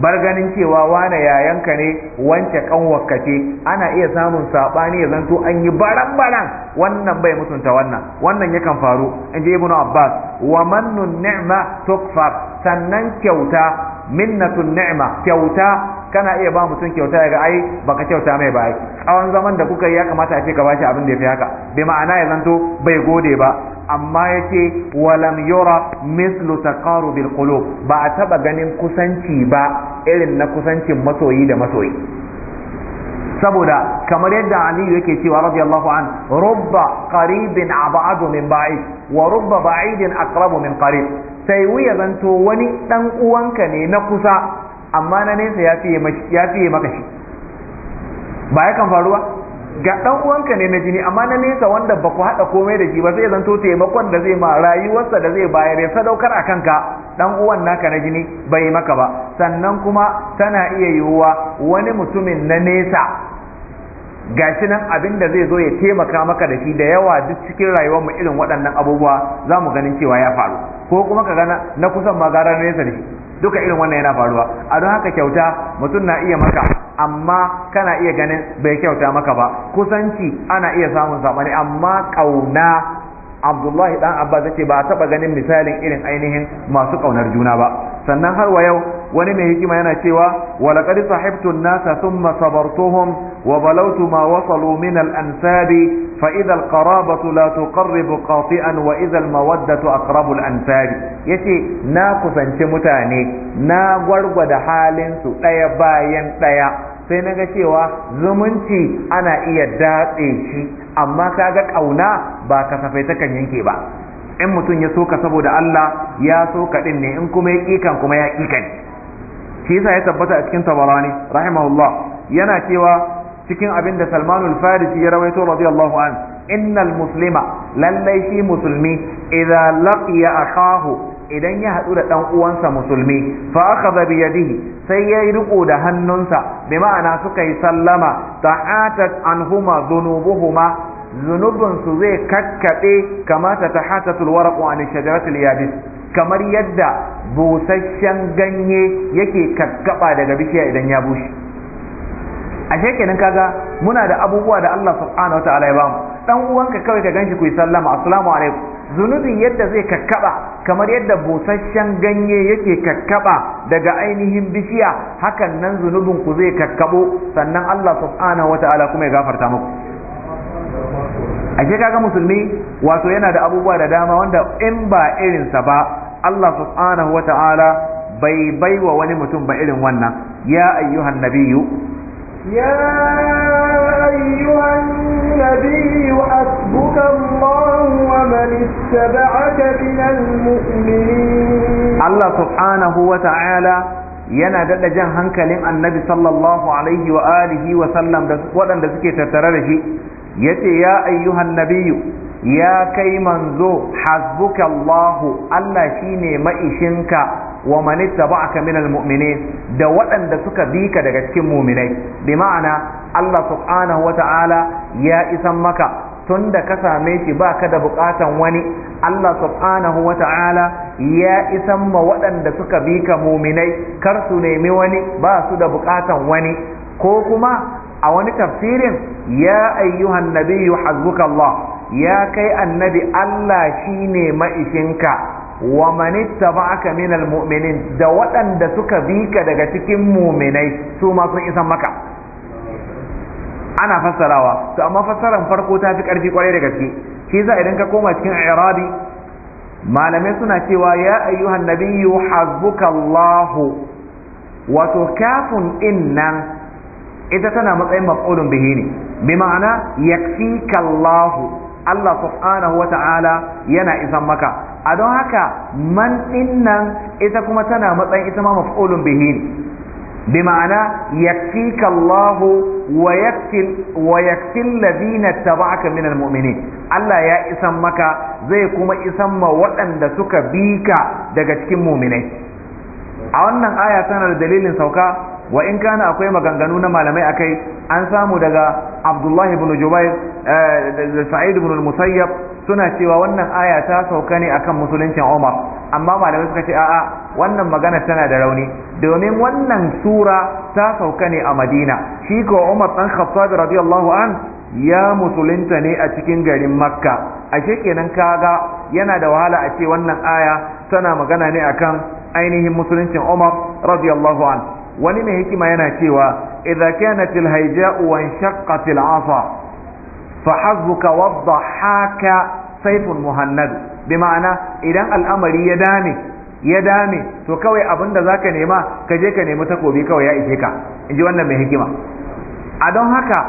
bar ganin cewa wane yayanka ne wance kan ce ana iya samun saɓani ya zanto an yi baran-baran wannan bai mutunta wannan wannan yakan faru in ji ibnu abbas wa mannun ni'ma tukfar sannan kyauta minnatun ni'ma kyauta kana iya ba mutum kyauta ya ga ai baka kyauta mai ba ai tsawon zaman da kuka yi ya kamata a ce ka bashi abin da ya fi haka bai ma'ana ya zanto bai gode ba amma yace walam yura mislu taqarubil qulub ba a taba ganin kusanci ba irin na kusancin masoyi da masoyi saboda kamar yadda aliyu yake cewa radiyallahu an rubba qaribin abadu min ba'id wa rubba ba'idin aqrabu min qarib sai wuya zanto wani dan uwanka ne na kusa amma na nesa ya fiye maka shi ba ya yakan faruwa ga dan uwanka ne na jini amma na nesa wanda ba ku haɗa komai da shi ba sai zanto taimakon da zai ma rayuwarsa da zai bayar ya sadaukar a kanka dan uwan naka na jini bai maka ba sannan kuma tana iya yiwuwa wani mutumin na nesa gashi nan abin da zai zo ya taimaka maka da shi da yawa duk cikin rayuwar mu irin waɗannan abubuwa za mu ganin cewa ya faru ko kuma ka gana na kusan ma gara nesa da duka irin wannan yana faruwa a don haka kyauta mutum na iya maka amma kana iya ganin bai kyauta maka ba kusanci ana iya samun sabani amma kauna abdullahi dan abbas yake ba taba ganin misalin irin ainihin masu kaunar juna ba sannan har wa yau wani mai hikima yana cewa walaqad sahibtu an-nasa thumma sabartuhum وبلوت ما وصلوا من الأنساب فإذا القرابة لا تقرب قاطئا وإذا المودة أقرب الأنساب يتي mutane na ناقر ود حال سؤيا bayan تيا sai na ga cewa zumunci ana iya datse shi amma kaga ƙauna ba kasafai takan yanke ba in mutum ya soka saboda Allah ya so kaɗin ne in kuma ya ƙikan kuma ya ƙikan shi ya tabbata a cikin tabarani rahimahullah yana cewa cikin abin da Salman al-Farisi ya rawaito radiyallahu an innal muslima lallai shi musulmi idza laqiya akahu idan ya haɗu da ɗan uwansa musulmi fa akhadha bi yadihi sai ya yi riko da hannunsa bi ma'ana suka yi sallama ta'atat anhuma dhunubuhuma zunubin su zai kakkaɓe kamata ta hatatul waraqu an shajaratul yabis kamar yadda busasshen ganye yake kakkaɓa daga bishiya idan ya bushe ashe kenan kaga muna da abubuwa da Allah subhanahu wataala ya bamu dan uwanka kawai ka ganshi ku yi sallama assalamu alaikum zunubin yadda zai kakkaba kamar yadda busasshen ganye yake kakkaba daga ainihin bishiya hakan nan zunubin ku zai kakkabo sannan Allah subhanahu wataala kuma ya gafarta muku ashe kaga musulmi wato yana da abubuwa da dama wanda in ba irinsa ba Allah subhanahu wataala bai baiwa wani mutum ba irin wannan ya ayyuhan nabiyyu يا أيها النبي حسبك الله ومن اتبعك من المؤمنين الله سبحانه وتعالى yana daɗa jan hankalin annabi sallallahu alaihi wa wa sallam waɗanda suke tattare da shi ya ce ya ayyuhan nabiyu ya kai manzo hasbukallahu Allah shine maishinka wa man ittaba'aka minal mu'minin da waɗanda suka bi ka daga cikin mu'minai bi ma'ana Allah subhanahu ya isan maka tun da ka same shi ba ka da bukatan wani Allah subhanahu wa ta'ala ya isan ma waɗanda suka bi ka muminai kar su nemi wani ba su da bukatan wani ko kuma a wani tafsirin ya ayyuhan nabiyyu hazbuka Allah ya kai annabi Allah shine maishinka wa manitta ba'aka minal mu'minin da waɗanda suka bi ka daga cikin muminai su ma sun isan maka ana fassarawa to amma fassaran farko ta fi ƙarfi kwarai da gaske shi za idan ka koma cikin irabi malamai suna cewa ya ayyuhan nabiyyu hasbukallahu wato kafun innan ita tana matsayin maf'ulun bihi ne bi ma'ana yakfikallahu Allah subhanahu wa ta'ala yana isan maka a don haka man dinnan ita kuma tana matsayin ita ma maf'ulun bihi bi ma'ana yakfika Allah wa yaktil wa yaktil ladina tabaka minal mu'minin Allah ya isan maka zai kuma isan ma waɗanda suka bi ka daga cikin mu'minai a wannan aya tana da dalilin sauka wa in kana akwai maganganu na malamai akai an samu daga abdullahi ibn jubair eh, da sa'id ibn suna cewa wannan aya ta sauka ne akan musuluncin Umar amma malamai suka ce a'a wannan magana tana da rauni domin wannan sura ta sauka ne a Madina shi ko Umar dan Khattab radiyallahu an ya musulunta ne a cikin garin Makka ashe kenan kaga yana da wahala a ce wannan aya tana magana ne akan ainihin musuluncin Umar radiyallahu an wani mai hikima yana cewa idza kanat al-hayja'u wa inshaqqat asa fa hazzuka wadda haka saifun muhannadu bi ma'ana idan al'amari ya dame ya dame to kawai abin da ka nema ka je ka nemi takobi kawai ya ka in ji wannan mai hikima a don haka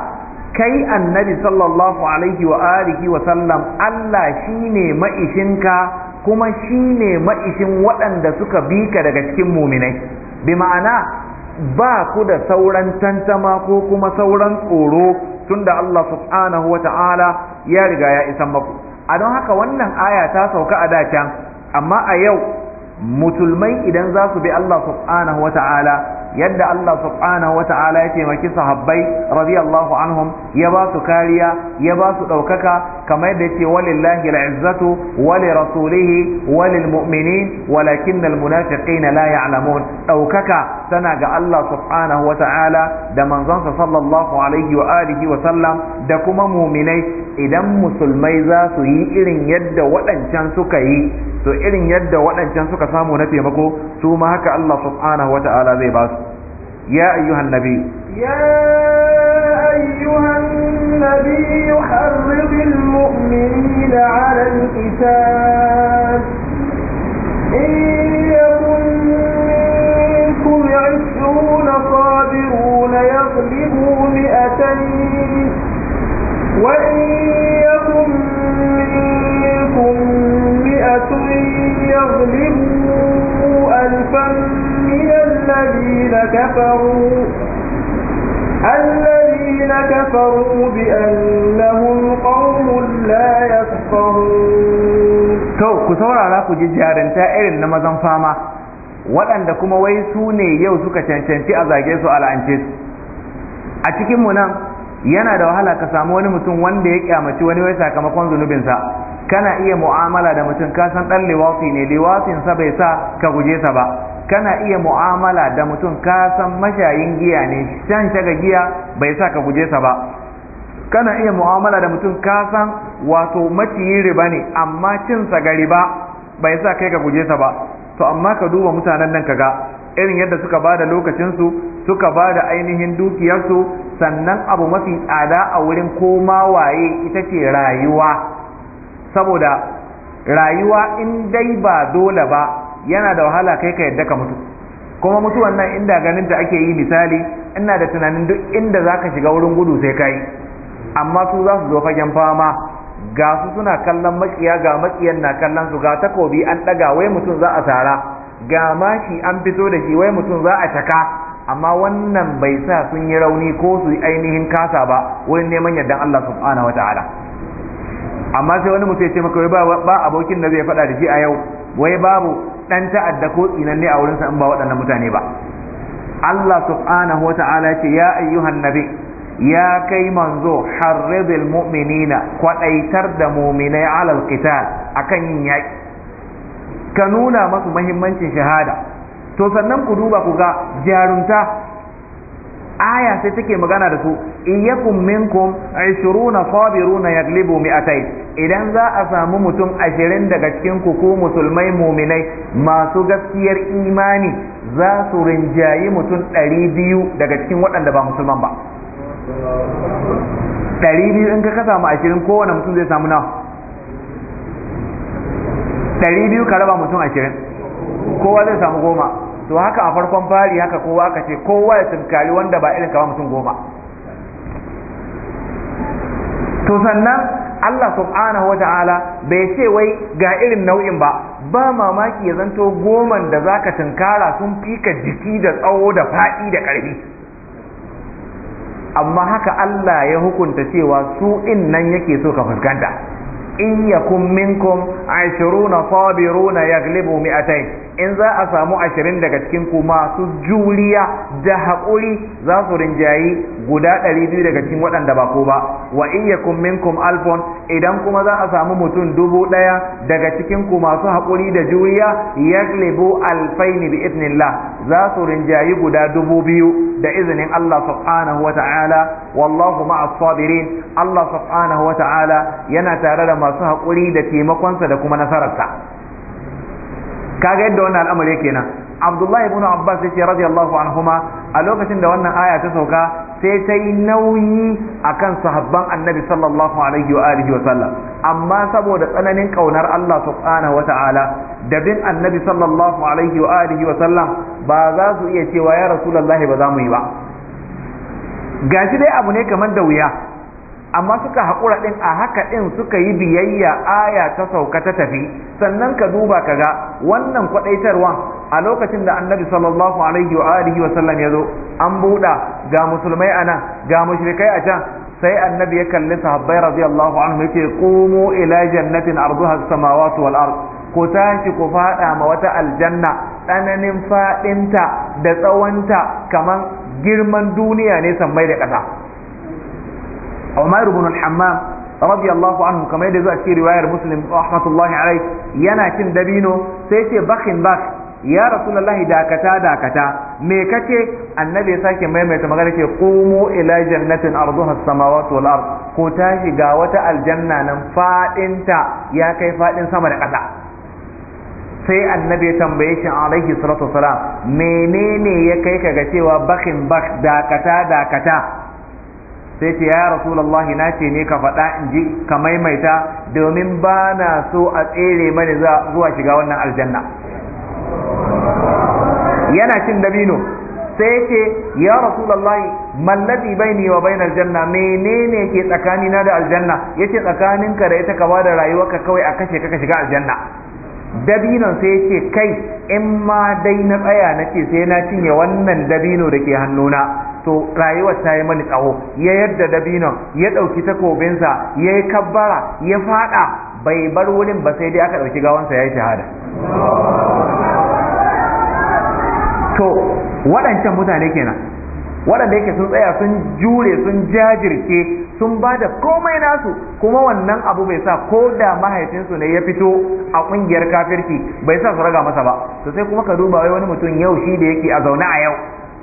kai annabi sallallahu alaihi wa alihi wa sallam Allah shine maishinka kuma shine maishin waɗanda suka bi ka daga cikin muminai bi ma'ana ba ku da sauran tantama ko kuma sauran tsoro tunda Allah subhanahu wata'ala ya riga ya isan maku a don haka wannan aya ta sauka a dacan amma a yau musulmai idan za su bi Allah subhanahu wata'ala yadda Allah subhanahu wa ta'ala ya taimaki sahabbai radiyallahu anhum ya ba su kariya ya ba su ɗaukaka kamar yadda yake walillahi al'izzatu wa li rasulihi wa lil mu'minin walakin al munafiqin la ya'lamun ɗaukaka tana ga Allah subhanahu wa ta'ala da manzonsa sallallahu alaihi wa alihi wa sallam da kuma muminai idan musulmai za su yi irin yadda waɗancan suka yi to irin yadda waɗancan suka samu na taimako su ma haka Allah subhanahu wata'ala zai ba su ya ayyuhan nabi ya ayyuhan nabi harribil mu'minina 'ala al-qital in yakun minkum 'ishruna sabiruna yaghlibu mi'atayn الذين كفروا بأنهم قوم لا يفقهون ku saura ku ji jarinta irin na mazan fama waɗanda kuma wai su ne yau suka cancanci a zage su a cikin mu nan yana da wahala ka samu wani mutum wanda ya kyamaci wani wai sakamakon zunubinsa kana iya mu'amala da mutum ka san dan liwafi ne liwafin sa bai sa ka guje sa ba kana iya mu'amala da mutum ka san mashayin giya ne san shaga giya bai sa ka guje sa ba kana iya mu'amala da mutum ka san wato maciyi riba ne amma cin sa ga riba bai sa kai ka guje sa ba to amma ka duba mutanen nan kaga irin yadda suka ba da lokacinsu suka ba da ainihin dukiyarsu sannan abu mafi tsada a wurin koma waye ita ce rayuwa saboda rayuwa in dai ba dole ba yana da wahala kai ka yadda ka mutu kuma mutuwan nan inda ganin da ake yi misali ina da tunanin duk inda za ka shiga wurin gudu sai kai amma su za su zo fagen fama ga su suna kallon makiya ga makiyan na kallon su ga takobi an ɗaga wai mutum za a tara ga mashi an fito da shi wai mutum za a caka amma wannan bai sa sun yi rauni ko su yi ainihin kasa ba wurin neman yardan Allah subhanahu ta'ala. amma sai wani mutum ya ce maka ba abokin da zai faɗa da shi a yau wai babu dan ta'adda ko tsinanne a wurin sa in ba waɗannan mutane ba Allah subhanahu ta'ala ce ya ayyuhan nabi ya kai manzo harribil mu'minina kwadaitar da mu'minai alal qital akan yin yaki ka nuna masu mahimmancin shahada to sannan ku duba ku ga jarumta aya sai take magana da su in yakum minkum 20 sabiruna yaglibu mi'atayn idan za a samu mutum 20 daga cikin ku ko musulmai muminai masu gaskiyar imani za su rinjayi mutum 200 daga cikin waɗanda ba musulman ba 200 in ka kasa mu 20 kowane mutum zai samu nawa 200 ka raba mutum 20 kowa zai samu goma to haka a farkon fari haka kowa ka ce kowa ya tunkari wanda ba irin kama mutum goma to sannan Allah subhanahu wa ta'ala bai ce wai ga irin nau'in ba ba mamaki ya zanto goman da zaka tunkara sun fika jiki da tsawo da faɗi da ƙarfi amma haka Allah ya hukunta cewa su in nan yake so ka fuskanta in yakun minkum 20 sabiruna yaglibu mi'atain in za a samu ashirin daga cikin ku masu juriya da haƙuri za su rinjayi guda 200 daga cikin waɗanda ba ko ba wa iya yakum minkum alfun idan kuma za a samu mutum dubu ɗaya daga cikin ku masu haƙuri da juriya yaglibu alfaini bi idnillah za su rinjayi guda dubu biyu da izinin Allah subhanahu wa ta'ala wallahu ma'as sabirin Allah subhanahu wa ta'ala yana tare da masu haƙuri da taimakonsa da kuma nasararsa kaga yadda wannan al'amari kenan abdullahi ibn abbas yace radiyallahu anhuma a lokacin da wannan aya ta sauka sai ta yi nauyi akan sahabban annabi sallallahu alaihi wa alihi wa sallam amma saboda tsananin kaunar Allah subhanahu wa ta'ala da bin annabi sallallahu alaihi wa alihi wa sallam ba za su iya cewa ya rasulullahi ba za mu yi ba gashi dai abu ne kamar da wuya amma suka haƙura ɗin a haka ɗin suka yi biyayya aya ta sauka ta tafi sannan ka duba ka ga wannan kwaɗaitarwan a lokacin da annabi sallallahu alaihi wa alihi wa sallam ya zo an buɗa ga musulmai a nan ga mushrikai a can sai annabi ya kalli sahabbai radiyallahu anhu yake qumu ila jannatin arduha as-samawati wal ard ku tashi ku fada ma wata aljanna tsananin fadinta da tsawonta kaman girman duniya ne san mai da ƙasa Umar ibn al-Hammam radiyallahu anhu kamar yadda zuwa cikin riwayar Muslim rahmatullahi alaihi yana cin dabino sai ce bakin bak ya rasulullahi dakata dakata me kace annabi ya sake maimaita magana ce qumu ila jannatin arduha as-samawati wal ard ko ta shiga wata aljanna nan fadinta ya kai fadin sama da ƙasa sai annabi ya tambaye shi alaihi salatu wasalam menene ya kai ka ga cewa bakin bak dakata dakata sai ce ya rasulullahi na ce ne ka faɗa in ji ka maimaita domin ba na so a tsere mani zuwa shiga wannan aljanna yana cin dabino sai ce ya rasulullahi bai ne wa bain aljanna menene ke tsakanina da aljanna ya ce tsakaninka da ita ka bada rayuwarka kawai a kashe ka ka shiga aljanna dabinon sai yake kai in ma dai na tsaya na ce sai na cinye wannan dabino da ke hannuna to rayuwar ta yi mani tsawo ya yadda dabinon ya ɗauki takobinsa ya yi kabbara ya faɗa bai bar wurin ba sai dai aka ɗauki gawansa ya yi shahada to waɗancan mutane kenan waɗanda yake sun tsaya sun jure sun jajirce sun ba da komai nasu kuma wannan abu bai sa ko da mahaifinsu ne ya fito a ƙungiyar kafirci bai sa su raga masa ba to sai kuma ka duba wai wani mutum yau shi da yake a zaune a yau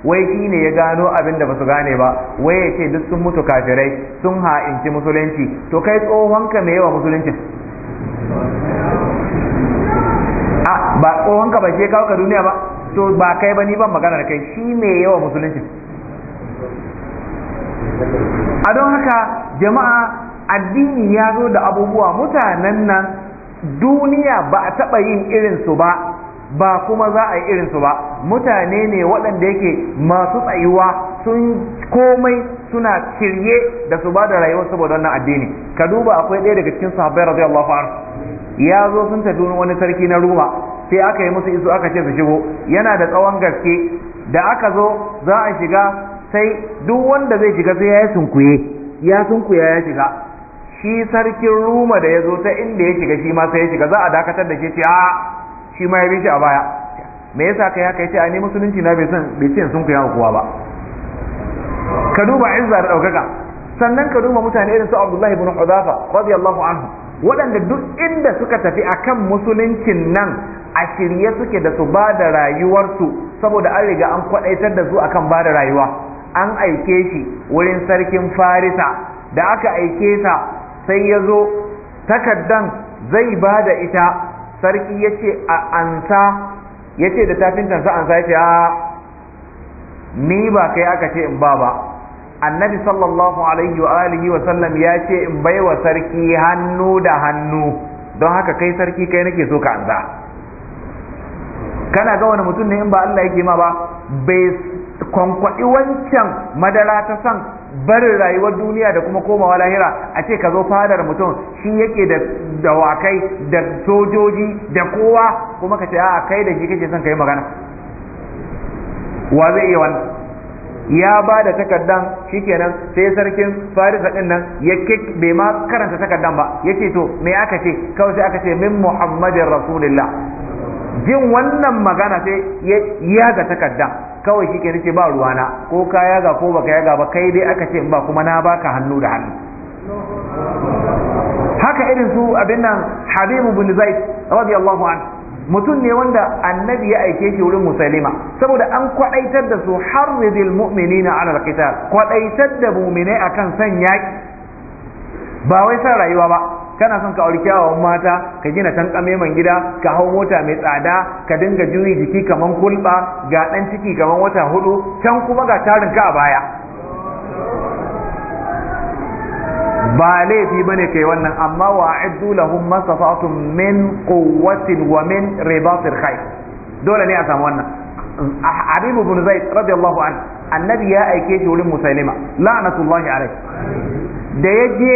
wai shi ne ya gano abin da ba su gane ba wai ya ce duk sun mutu kafirai sun ha'inci musulunci to kai tsohonka me yawa musulunci a ba tsohonka ba ke kawo ka duniya ba to ba kai ba ni ban magana kai shi me yawa musulunci a don haka jama'a addini ya zo da abubuwa mutanen nan duniya ba a taɓa yin irinsu ba ba kuma za a yi irinsu ba mutane ne waɗanda yake masu tsayuwa sun komai suna kirye da su ba da rayuwar saboda wannan addini ka duba akwai ɗaya daga cikin sahabbai radiyallahu anhu ya zo sun tafi wani sarki na Roma sai aka yi musu iso aka ce su shigo yana da tsawon gaske da aka zo za a shiga sai duk wanda zai shiga sai ya sunkuye ya sunkuya ya shiga shi sarkin ruma da ya zo ta inda ya shiga shi ma sai ya shiga za a dakatar da shi ce a shi ma ya bi a baya me yasa kai haka yace a ne musulunci na bai san bai ce sunkuya ma kowa ba ka duba izza da daukaka sannan ka duba mutane irin su Abdullahi ibn Hudafa radiyallahu anhu waɗanda duk inda suka tafi akan musuluncin nan a shirye suke da su ba da rayuwarsu saboda an riga an kwadaitar da su akan ba da rayuwa an aike shi wurin sarkin farisa da aka aike sa sai ya zo takaddan zai ba da ita sarki ya ce a ansa ya ce da tafintansa ansa ya ce a ni ba kai aka ce in ba ba annabi sallallahu alaihi wa alihi wa sallam ya ce in bai wa sarki hannu da hannu don haka kai sarki kai nake so ka ansa kana ga wani mutum ne in ba Allah yake ma ba bai kwankwaɗi wancan madara ta san barin rayuwar duniya da kuma komawa lahira a ce ka zo fadar mutum shi yake da dawakai da sojoji da kowa kuma ka ce a kai da shi kake son ka yi magana wa zai iya wani? ya ba da takardan shikenan sai sarkin farisa din nan ya bai ma karanta takardan ba yace to me aka ce kawai sai aka ce min muhammadin rasulullah jin wannan magana sai ya yaga takarda kawai shi ke nace ba ruwana ko ka yaga ko baka yaga ba kai dai aka ce ba kuma na baka hannu da hannu haka irin su abin nan habibu bin zaid radiyallahu anhu mutum ne wanda annabi ya aike shi wurin musalima saboda an kwadaitar da su harridil mu'minina ala alqital kwadaitar da mu'minai akan san yaki ba wai san rayuwa ba kana son ka auri kyawawan mata ka gina tankame man gida ka hau mota mai tsada ka dinga juyi jiki kaman kulba ga dan ciki kaman wata hudu can kuma ga tarin ka a baya ba laifi bane kai wannan amma wa a'iddu lahum masafatun min quwwatin wa min ribatil khayr dole ne a samu wannan Habibu bin Zaid radiyallahu anhu annabi ya aike shi wurin Musailima la'natullahi alaihi da yaje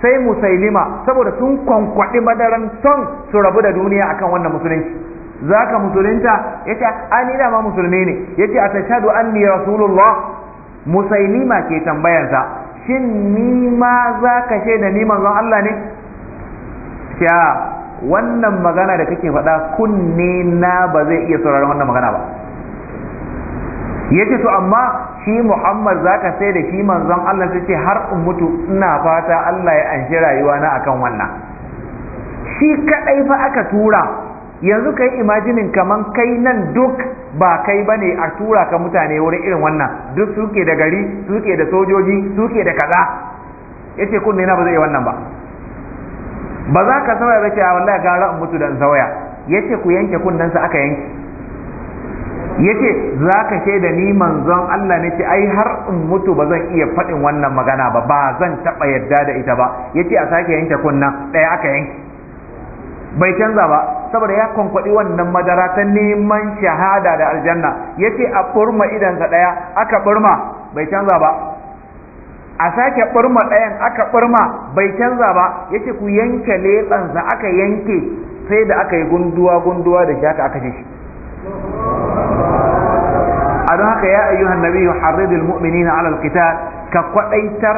sai musailima saboda sun kwankwaɗi madaran son su rabu da duniya akan wannan musulunci za ka musulunta ya ce ani da ma musulmi ne ya ce a tashadu anni rasulullah musailima ke tambayarsa shin ni ma za ka da ni manzon Allah ne ya wannan magana da kake faɗa kunne na ba zai iya sauraron wannan magana ba yace to amma shi Muhammad zaka sai da shi manzon Allah sai ce har in mutu ina fata Allah ya anshi rayuwa na akan wannan shi kadai fa aka tura yanzu kai imajinin kaman kai nan duk ba kai bane a tura ka mutane wurin irin wannan duk suke da gari suke da sojoji suke da kaza yace ce na ba zai yi wannan ba ba za ka sauya ba ce a wallahi gara in mutu da in sauya yace ku yanke kunnensa aka yanke yace za ka shaida ni manzon Allah ne ce ai har in mutu ba zan iya faɗin wannan magana ba ba zan taɓa yadda da ita ba yace a sake yanke kunna ɗaya aka yanke bai canza ba saboda ya kwankwaɗi wannan madara ta neman shahada da aljanna yace a ɓurma idansa ɗaya aka ɓurma bai canza ba a sake ɓurma ɗayan aka ɓurma bai canza ba yace ku yanke leɓensa aka yanke sai da aka yi gunduwa gunduwa da shi haka aka ce shi a don haka ya ayyuha nabiyyu harridul mu'minina ala alqital ka kwadaitar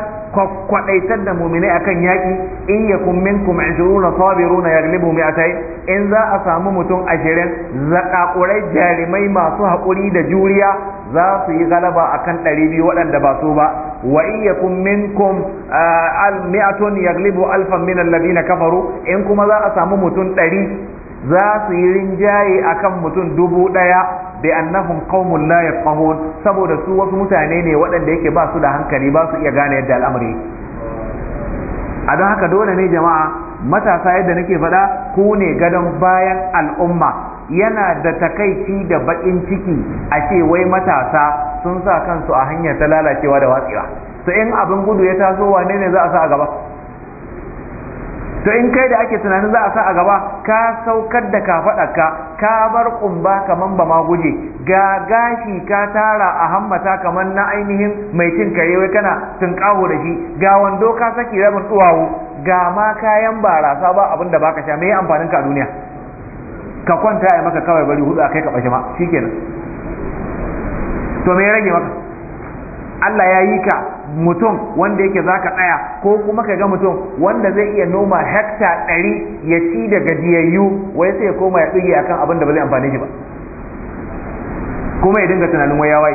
kwadaitar da mu'minai akan yaki in yakum minkum 20 sabiruna yaglibu mi'atayn in za a samu mutum 20 zakakurai jarimai masu haƙuri da juriya za su yi galaba akan 200 waɗanda ba su ba wa in yakum minkum ah, mi'atun yaglibu alfan min alladhina kafaru in kuma za a samu mutum 100 za su yi rinjaye akan mutum dubu ɗaya bi annahum qaumun la yafqahun saboda su wasu mutane ne waɗanda yake ba su da hankali ba su iya gane yadda al'amari a don haka dole ne jama'a matasa yadda nake faɗa ku ne gadon bayan al'umma yana da takaici da baƙin ciki a ce wai matasa sun sa kansu a hanyar ta lalacewa da watsewa to in abin gudu ya taso wane ne za a sa a gaba to in kai da ake tunanin za a sa a gaba ka saukar da kafaɗarka ka bar kumba kaman ba ma guje ga gashi ka tara a hammata kaman na ainihin mai cin kare wai kana tunƙaho da shi ga wando ka saki rabin tsuwawo ga ma kayan barasa ba abin da baka sha me amfanin ka a duniya ka kwanta ai maka kawai bari hudu a kai ka bashi ma shikenan to me ya rage maka Allah ya yi ka mutum wanda yake zaka tsaya ko kuma ka ga mutum wanda zai iya noma hekta ɗari ya ci da gajiyayyu wai sai ya koma ya tsige akan abin da ba zai amfani shi ba kuma ya dinga tunanin wai yawai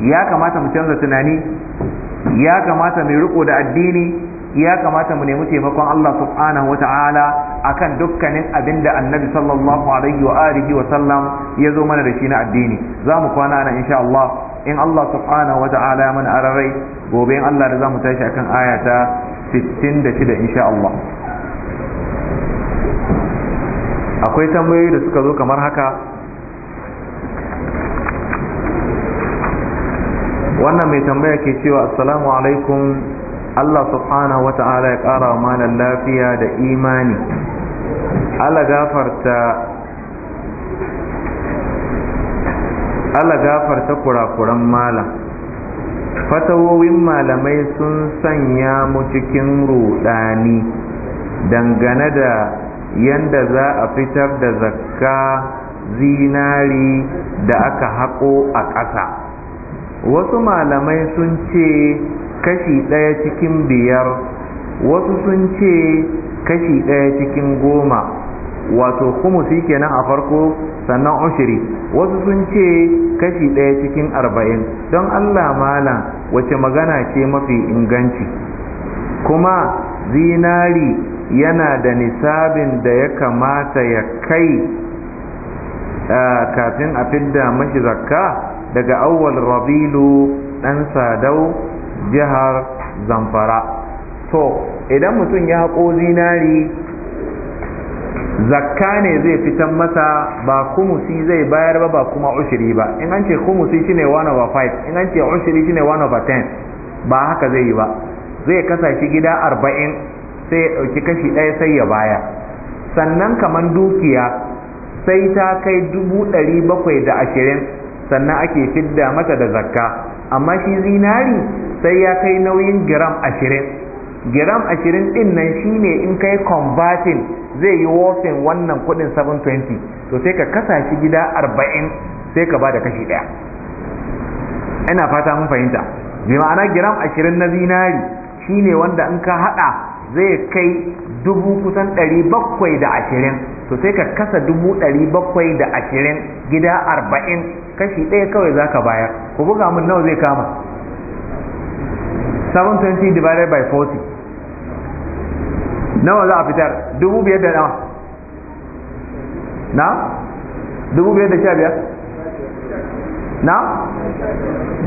ya kamata mu canza tunani ya kamata mu riko da addini ya kamata mu nemi taimakon Allah subhanahu wa ta'ala akan dukkanin abin da annabi sallallahu alaihi wa alihi wa sallam ya zo mana da shi na addini za mu kwana nan insha Allah in Allah subhanahu wa ta'ala mana ararai gobe in Allah da zamu tashi akan aya ta 66 insha Allah akwai tambayoyi da suka zo kamar haka wannan mai tambaya ke cewa assalamu alaikum Allah subhanahu wa ta'ala ya kara wa lafiya da imani Allah gafarta Allah gafarta kurakuran malam fatawowin malamai sun sanya mu cikin rudani dangane da yanda za a fitar da zakka zinari da aka haƙo a ƙasa wasu malamai sun ce kashi ɗaya cikin biyar wasu sun ce kashi ɗaya cikin goma wato kumusi kenan a farko sannan ushiri wasu sun ce kashi ɗaya cikin arba'in don allah malam wace magana ce mafi inganci kuma zinari yana da nisabin da ya kamata ya kai kafin a fidda mashi zakka daga awwal rabilu ɗan sadau jihar zamfara to idan mutum ya haƙo zinari zakka ne zai fitan masa ba kumusi zai bayar ba ba kuma ushiri ba in an ce kumusi shine 1 over 5 in an ce ushiri shine 1 over 10 ba haka zai yi ba zai kasa shi gida arba'in sai ya ɗauki kashi ɗaya sai ya baya sannan kamar dukiya sai ta kai dubu ɗari bakwai da ashirin sannan ake fidda mata da zakka amma shi zinari sai ya kai nauyin giram ashirin giram ashirin din nan shine in kai converting zai yi wofin wannan kudin 720 to sai ka kasa shi gida 40 sai ka bada kashi daya ina fata mun fahimta bi ma'ana gram ashirin na zinari shine wanda in ka hada zai kai dubu kusan 720 to sai ka kasa dubu ɗari gida arba'in kashi daya kawai za ka bayar ku buga mun nawa zai kama 720 divided by 40 nawa za a fitar dubu biyar da nawa na dubu biyar da sha biyar na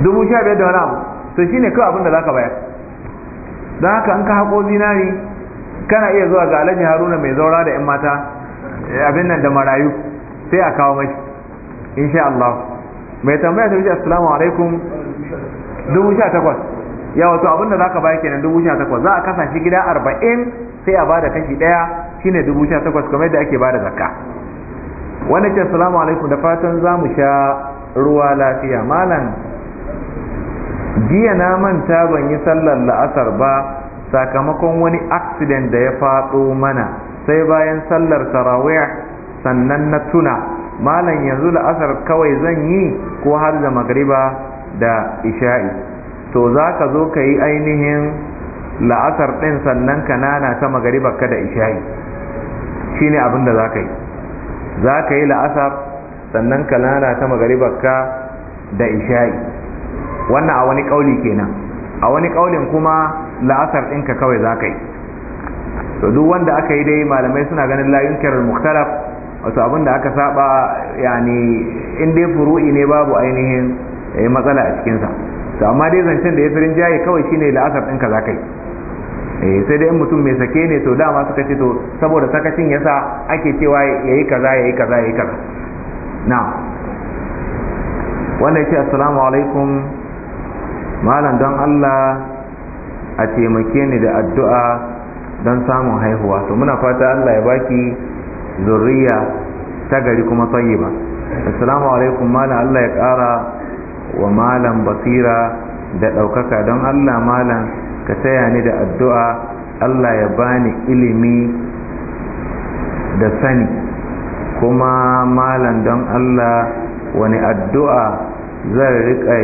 dubu sha biyar da wani abu to ne kawai abin da za ka bayar don haka an ka haƙo zinari kana iya zuwa ga alhaji haruna mai zaura da 'yan mata abin nan da marayu sai a kawo mai insha Allah mai tambaya ta wuce assalamu alaikum dubu sha takwas ya wato abin da za ka bayar kenan dubu sha takwas za a kasa shi gida arba'in sai a bada kashi daya shine dubu sha takwas kamar yadda ake bada zakka wani ke salamu alaikum da fatan za mu sha ruwa lafiya malam jiya na manta ban yi sallar la'asar ba sakamakon wani accident da ya faɗo mana sai bayan sallar tarawih sannan na tuna malam yanzu la'asar kawai zan yi ko har da magariba da isha'i to za ka zo ka yi ainihin la'asar ɗin sannan kanana ta ta magaribarka da isha'i shi ne abin da za ka yi za ka yi la'asar sannan kanana ta ta magaribarka da isha'i wannan a wani ƙauli kenan a wani ƙaulin kuma la'asar ɗinka kawai za ka yi to duk wanda aka yi dai malamai suna ganin layun kirar muktalaf wato abin da aka saba yani in dai furu'i ne babu ainihin eh, matsala a cikinsa to amma dai zancen da ya firin jaye kawai shine la'asar ɗin kaza ka zakai eh sai dai in mutum mai sake ne to dama suka ce to saboda sakacin yasa ake cewa yayi kaza yayi kaza yayi kaza na'am wannan ce assalamu alaikum malam don Allah a taimake ni da addu'a don samun haihuwa to muna fata Allah ya baki zurriya ta gari kuma tayyiba assalamu alaikum malam Allah ya ƙara wa malam basira da ɗaukaka don allah malam ka taya ni da addu'a allah ya bani ilimi da sani kuma malam don allah wani addu'a zan riƙa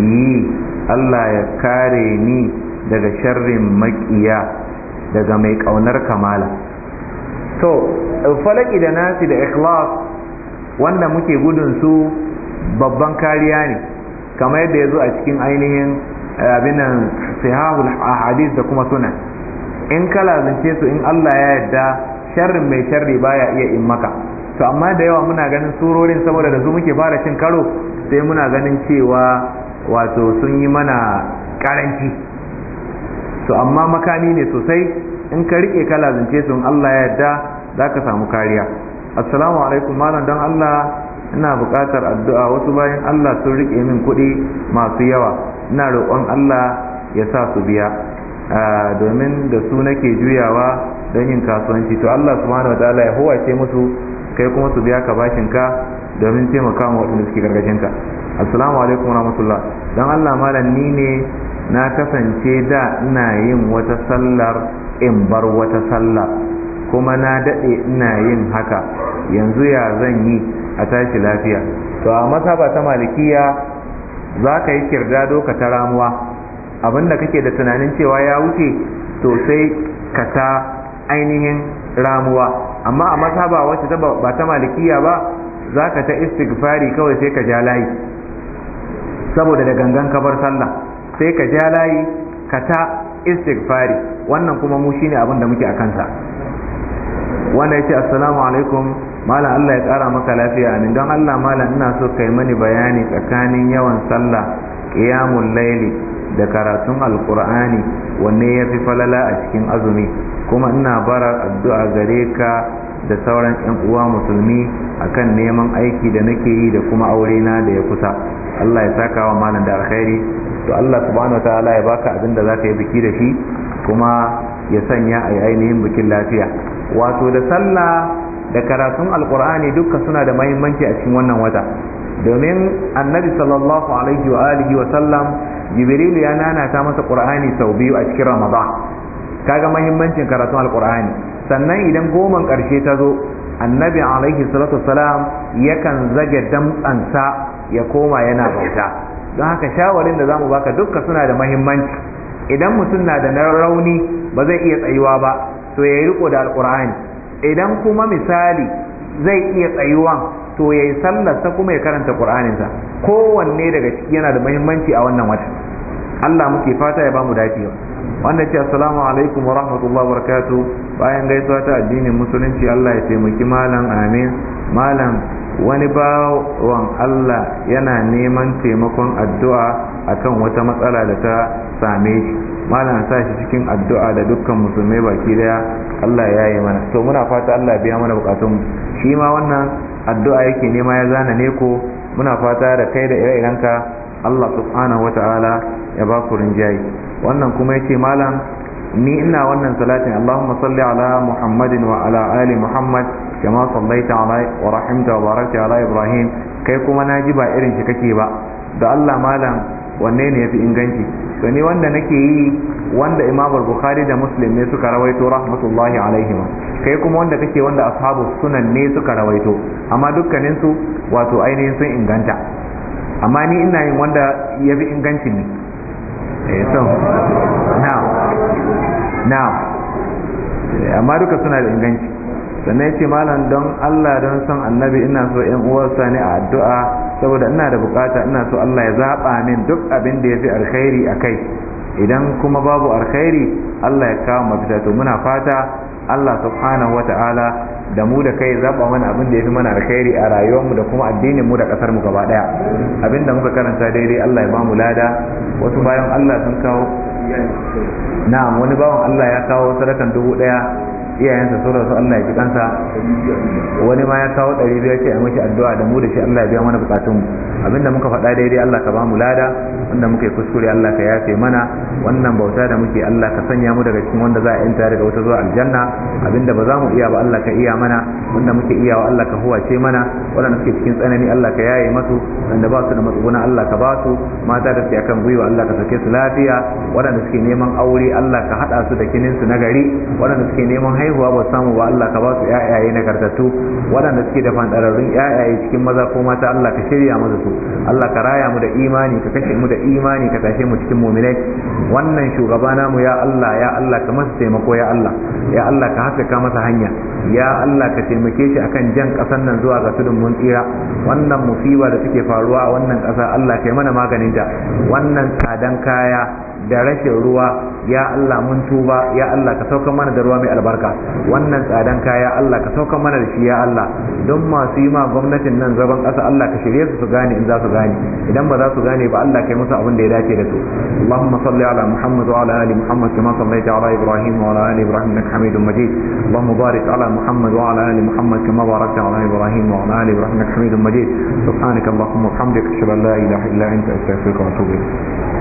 yi allah ya kare ni daga sharrin maƙiya daga mai ƙaunar kamala to falaki da nasi da ikhlas wanda muke gudun su babban kariya ne kamar yadda ya zo a cikin ainihin eh, abinan sihahul ahadis da kuma sunan in ka lazance su in Allah ya yarda sharrin mai sharri baya iya in maka to amma da yawa muna ganin surorin saboda da su muke fara cin karo sai muna ganin cewa wato sun yi mana karanci to amma makami ne sosai in ka rike kala zance su in Allah ya yarda za ka samu kariya assalamu alaikum malam don Allah ina buƙatar addu'a wasu bayan Allah sun riƙe min kuɗi masu yawa ina roƙon Allah ya sa su biya ah, domin da su nake juyawa don yin kasuwanci to Allah subhanahu wataala ya ce musu kai kuma su biya ka bashin ka domin taimaka ma waɗanda suke gargajin ka assalamu alaikum warahmatullah don Allah malam ni ne na kasance da ina yin wata sallar in bar wata sallar kuma na daɗe ina yin haka yanzu ya zan yi a tashi lafiya to a masaba ta malikiya za ka yi kirga doka ta ramuwa abinda kake da tunanin cewa ya wuce to sai ka ta ainihin ramuwa amma a masaba wacce ba ta malikiya ba za ka ta istighfari kawai sai ka ja layi saboda da gangan kabar sallah sai ka ja layi ka ta istighfari wannan kuma mu shine abin da muke a kansa wanda ya ce assalamu alaikum malam Allah ya ƙara maka lafiya amin don Allah malam ina so kai mani bayani tsakanin yawan sallah ƙiyamun laili da karatun alkur'ani wanne ya fi falala a cikin azumi kuma ina bara addu'a gare ka da sauran 'yan uwa musulmi akan neman aiki da nake yi da kuma aure na da ya kusa Allah ya saka wa malam da alkhairi to Allah subhanahu wataala ya baka abin da zaka yi biki da shi kuma ya sanya a yi ainihin bikin lafiya wato da sallah da karatun alkur'ani duka suna da mahimmanci a cikin wannan wata domin annabi sallallahu alaihi wa alihi wa sallam jibrilu ya nana ta masa qur'ani sau biyu a cikin ramadan kaga mahimmancin karatun alkur'ani sannan idan goman karshe ta zo annabi alaihi salatu ya yakan zage damtsansa ya koma yana bauta don haka shawarin da zamu baka duka suna da mahimmanci idan mutum na da rauni ba zai iya tsayuwa ba to ya yi riko da alkur'ani idan kuma misali zai iya tsayuwa to ya yi sallarsa kuma ya karanta ƙur'aninsa kowanne daga ciki yana da mahimmanci a wannan wata Allah muke fata ya bamu dacewa Wanda ce assalamu alaikum wa rahmatullahi wa barakatuh bayan gaisuwa ta addinin musulunci Allah ya taimaki malam amin malam wani bawan Allah yana neman taimakon addu'a akan wata matsala da ta same shi malam sa shi cikin addu'a da dukkan musulmai baki daya Allah ya yi mana to muna fata Allah biya mana bukatun shi ma wannan addu'a yake nema ya zana ne ko muna fata da kai da ire-irenka Allah subhanahu wata'ala ya ba ku rinjayi wannan kuma yace malam ni ina wannan salatin Allahumma salli ala Muhammadin wa ala ali Muhammad kama sallaita ala wa rahimta wa barakta ala ibrahim kai kuma naji ba irin shi kake ba da Allah malam wanne ne yafi inganci to ni wanda nake yi wanda Imam Bukhari da Muslim ne suka rawaito rahmatullahi alaihima kai kuma wanda kake wanda ashabu sunan ne suka rawaito amma dukkanin su wato ainihin sun inganta amma ni ina yin wanda yafi inganci ne eh so now na amma duka suna da inganci sannan yake malam don allah don son annabi ina so yan uwarsa ne a addu'a saboda ina da bukata ina so allah ya zaɓa min duk abin da ya fi alkhairi a kai idan kuma babu alkhairi allah ya kawo mafita to muna fata allah subhanahu wa ta'ala da mu da kai zaɓa mana abin da ya fi mana alkhairi a rayuwarmu da kuma addinin mu da ƙasar mu gaba ɗaya abin da muka karanta daidai allah ya bamu lada wasu bayan allah sun kawo na'am wani bawan allah ya kawo sadakan dubu ɗaya iyayensa sun rasu Allah ya ji kansa wani ma ya kawo ɗari biyar ce a mashi addu'a da mu da shi Allah ya biya mana bukatun abinda muka faɗa daidai Allah ka bamu lada wanda muka yi kuskure Allah ka yafe mana wannan bauta da muke Allah ka sanya mu daga cikin wanda za a yanta daga wata zuwa aljanna abinda ba za mu iya ba Allah ka iya mana wanda muke iya wa Allah ka huwace mana wanda suke cikin tsanani Allah ka yaye masu wanda ba su da matsuguna Allah ka ba su mata da suke akan gwiwa Allah ka sake su lafiya wanda suke neman aure Allah ka haɗa su da kininsu na gari wanda suke neman haihuwa ba samu ba Allah ka ba su ƴaƴaye waɗanda suke da fandararrun ƴaƴaye cikin maza ko mata Allah ka shirya musu su Allah ka raya mu da imani ka kashe mu da imani ka tashe mu cikin mu'minai wannan shugaba namu ya Allah ya Allah ka masa taimako ya Allah ya Allah ka haskaka masa hanya ya Allah ka taimake shi akan jan ƙasar nan zuwa ga tudun mun tsira wannan musiba da suke faruwa a wannan ƙasa Allah ka yi mana maganin ta wannan tsadan kaya da rashin ruwa ya Allah mun tuba ya Allah ka sauka mana da ruwa mai albarka wannan tsadan kaya Allah ka sauka mana da shi ya Allah don masu yi ma gwamnatin nan zaban ƙasa Allah ka shirye su su gane in za su gane idan ba za su gane ba Allah kai musu abin da ya dace da su Allahumma salli Muhammad wa ala ali Muhammad kama sallaita ala Ibrahim wa ala ali Ibrahim innaka Hamidum Majid Allahumma barik ala Muhammad wa ala ali Muhammad kama barakta ala Ibrahim wa ala ali Ibrahim innaka Hamidum Majid subhanaka Allahumma wa bihamdika ashhadu an la ilaha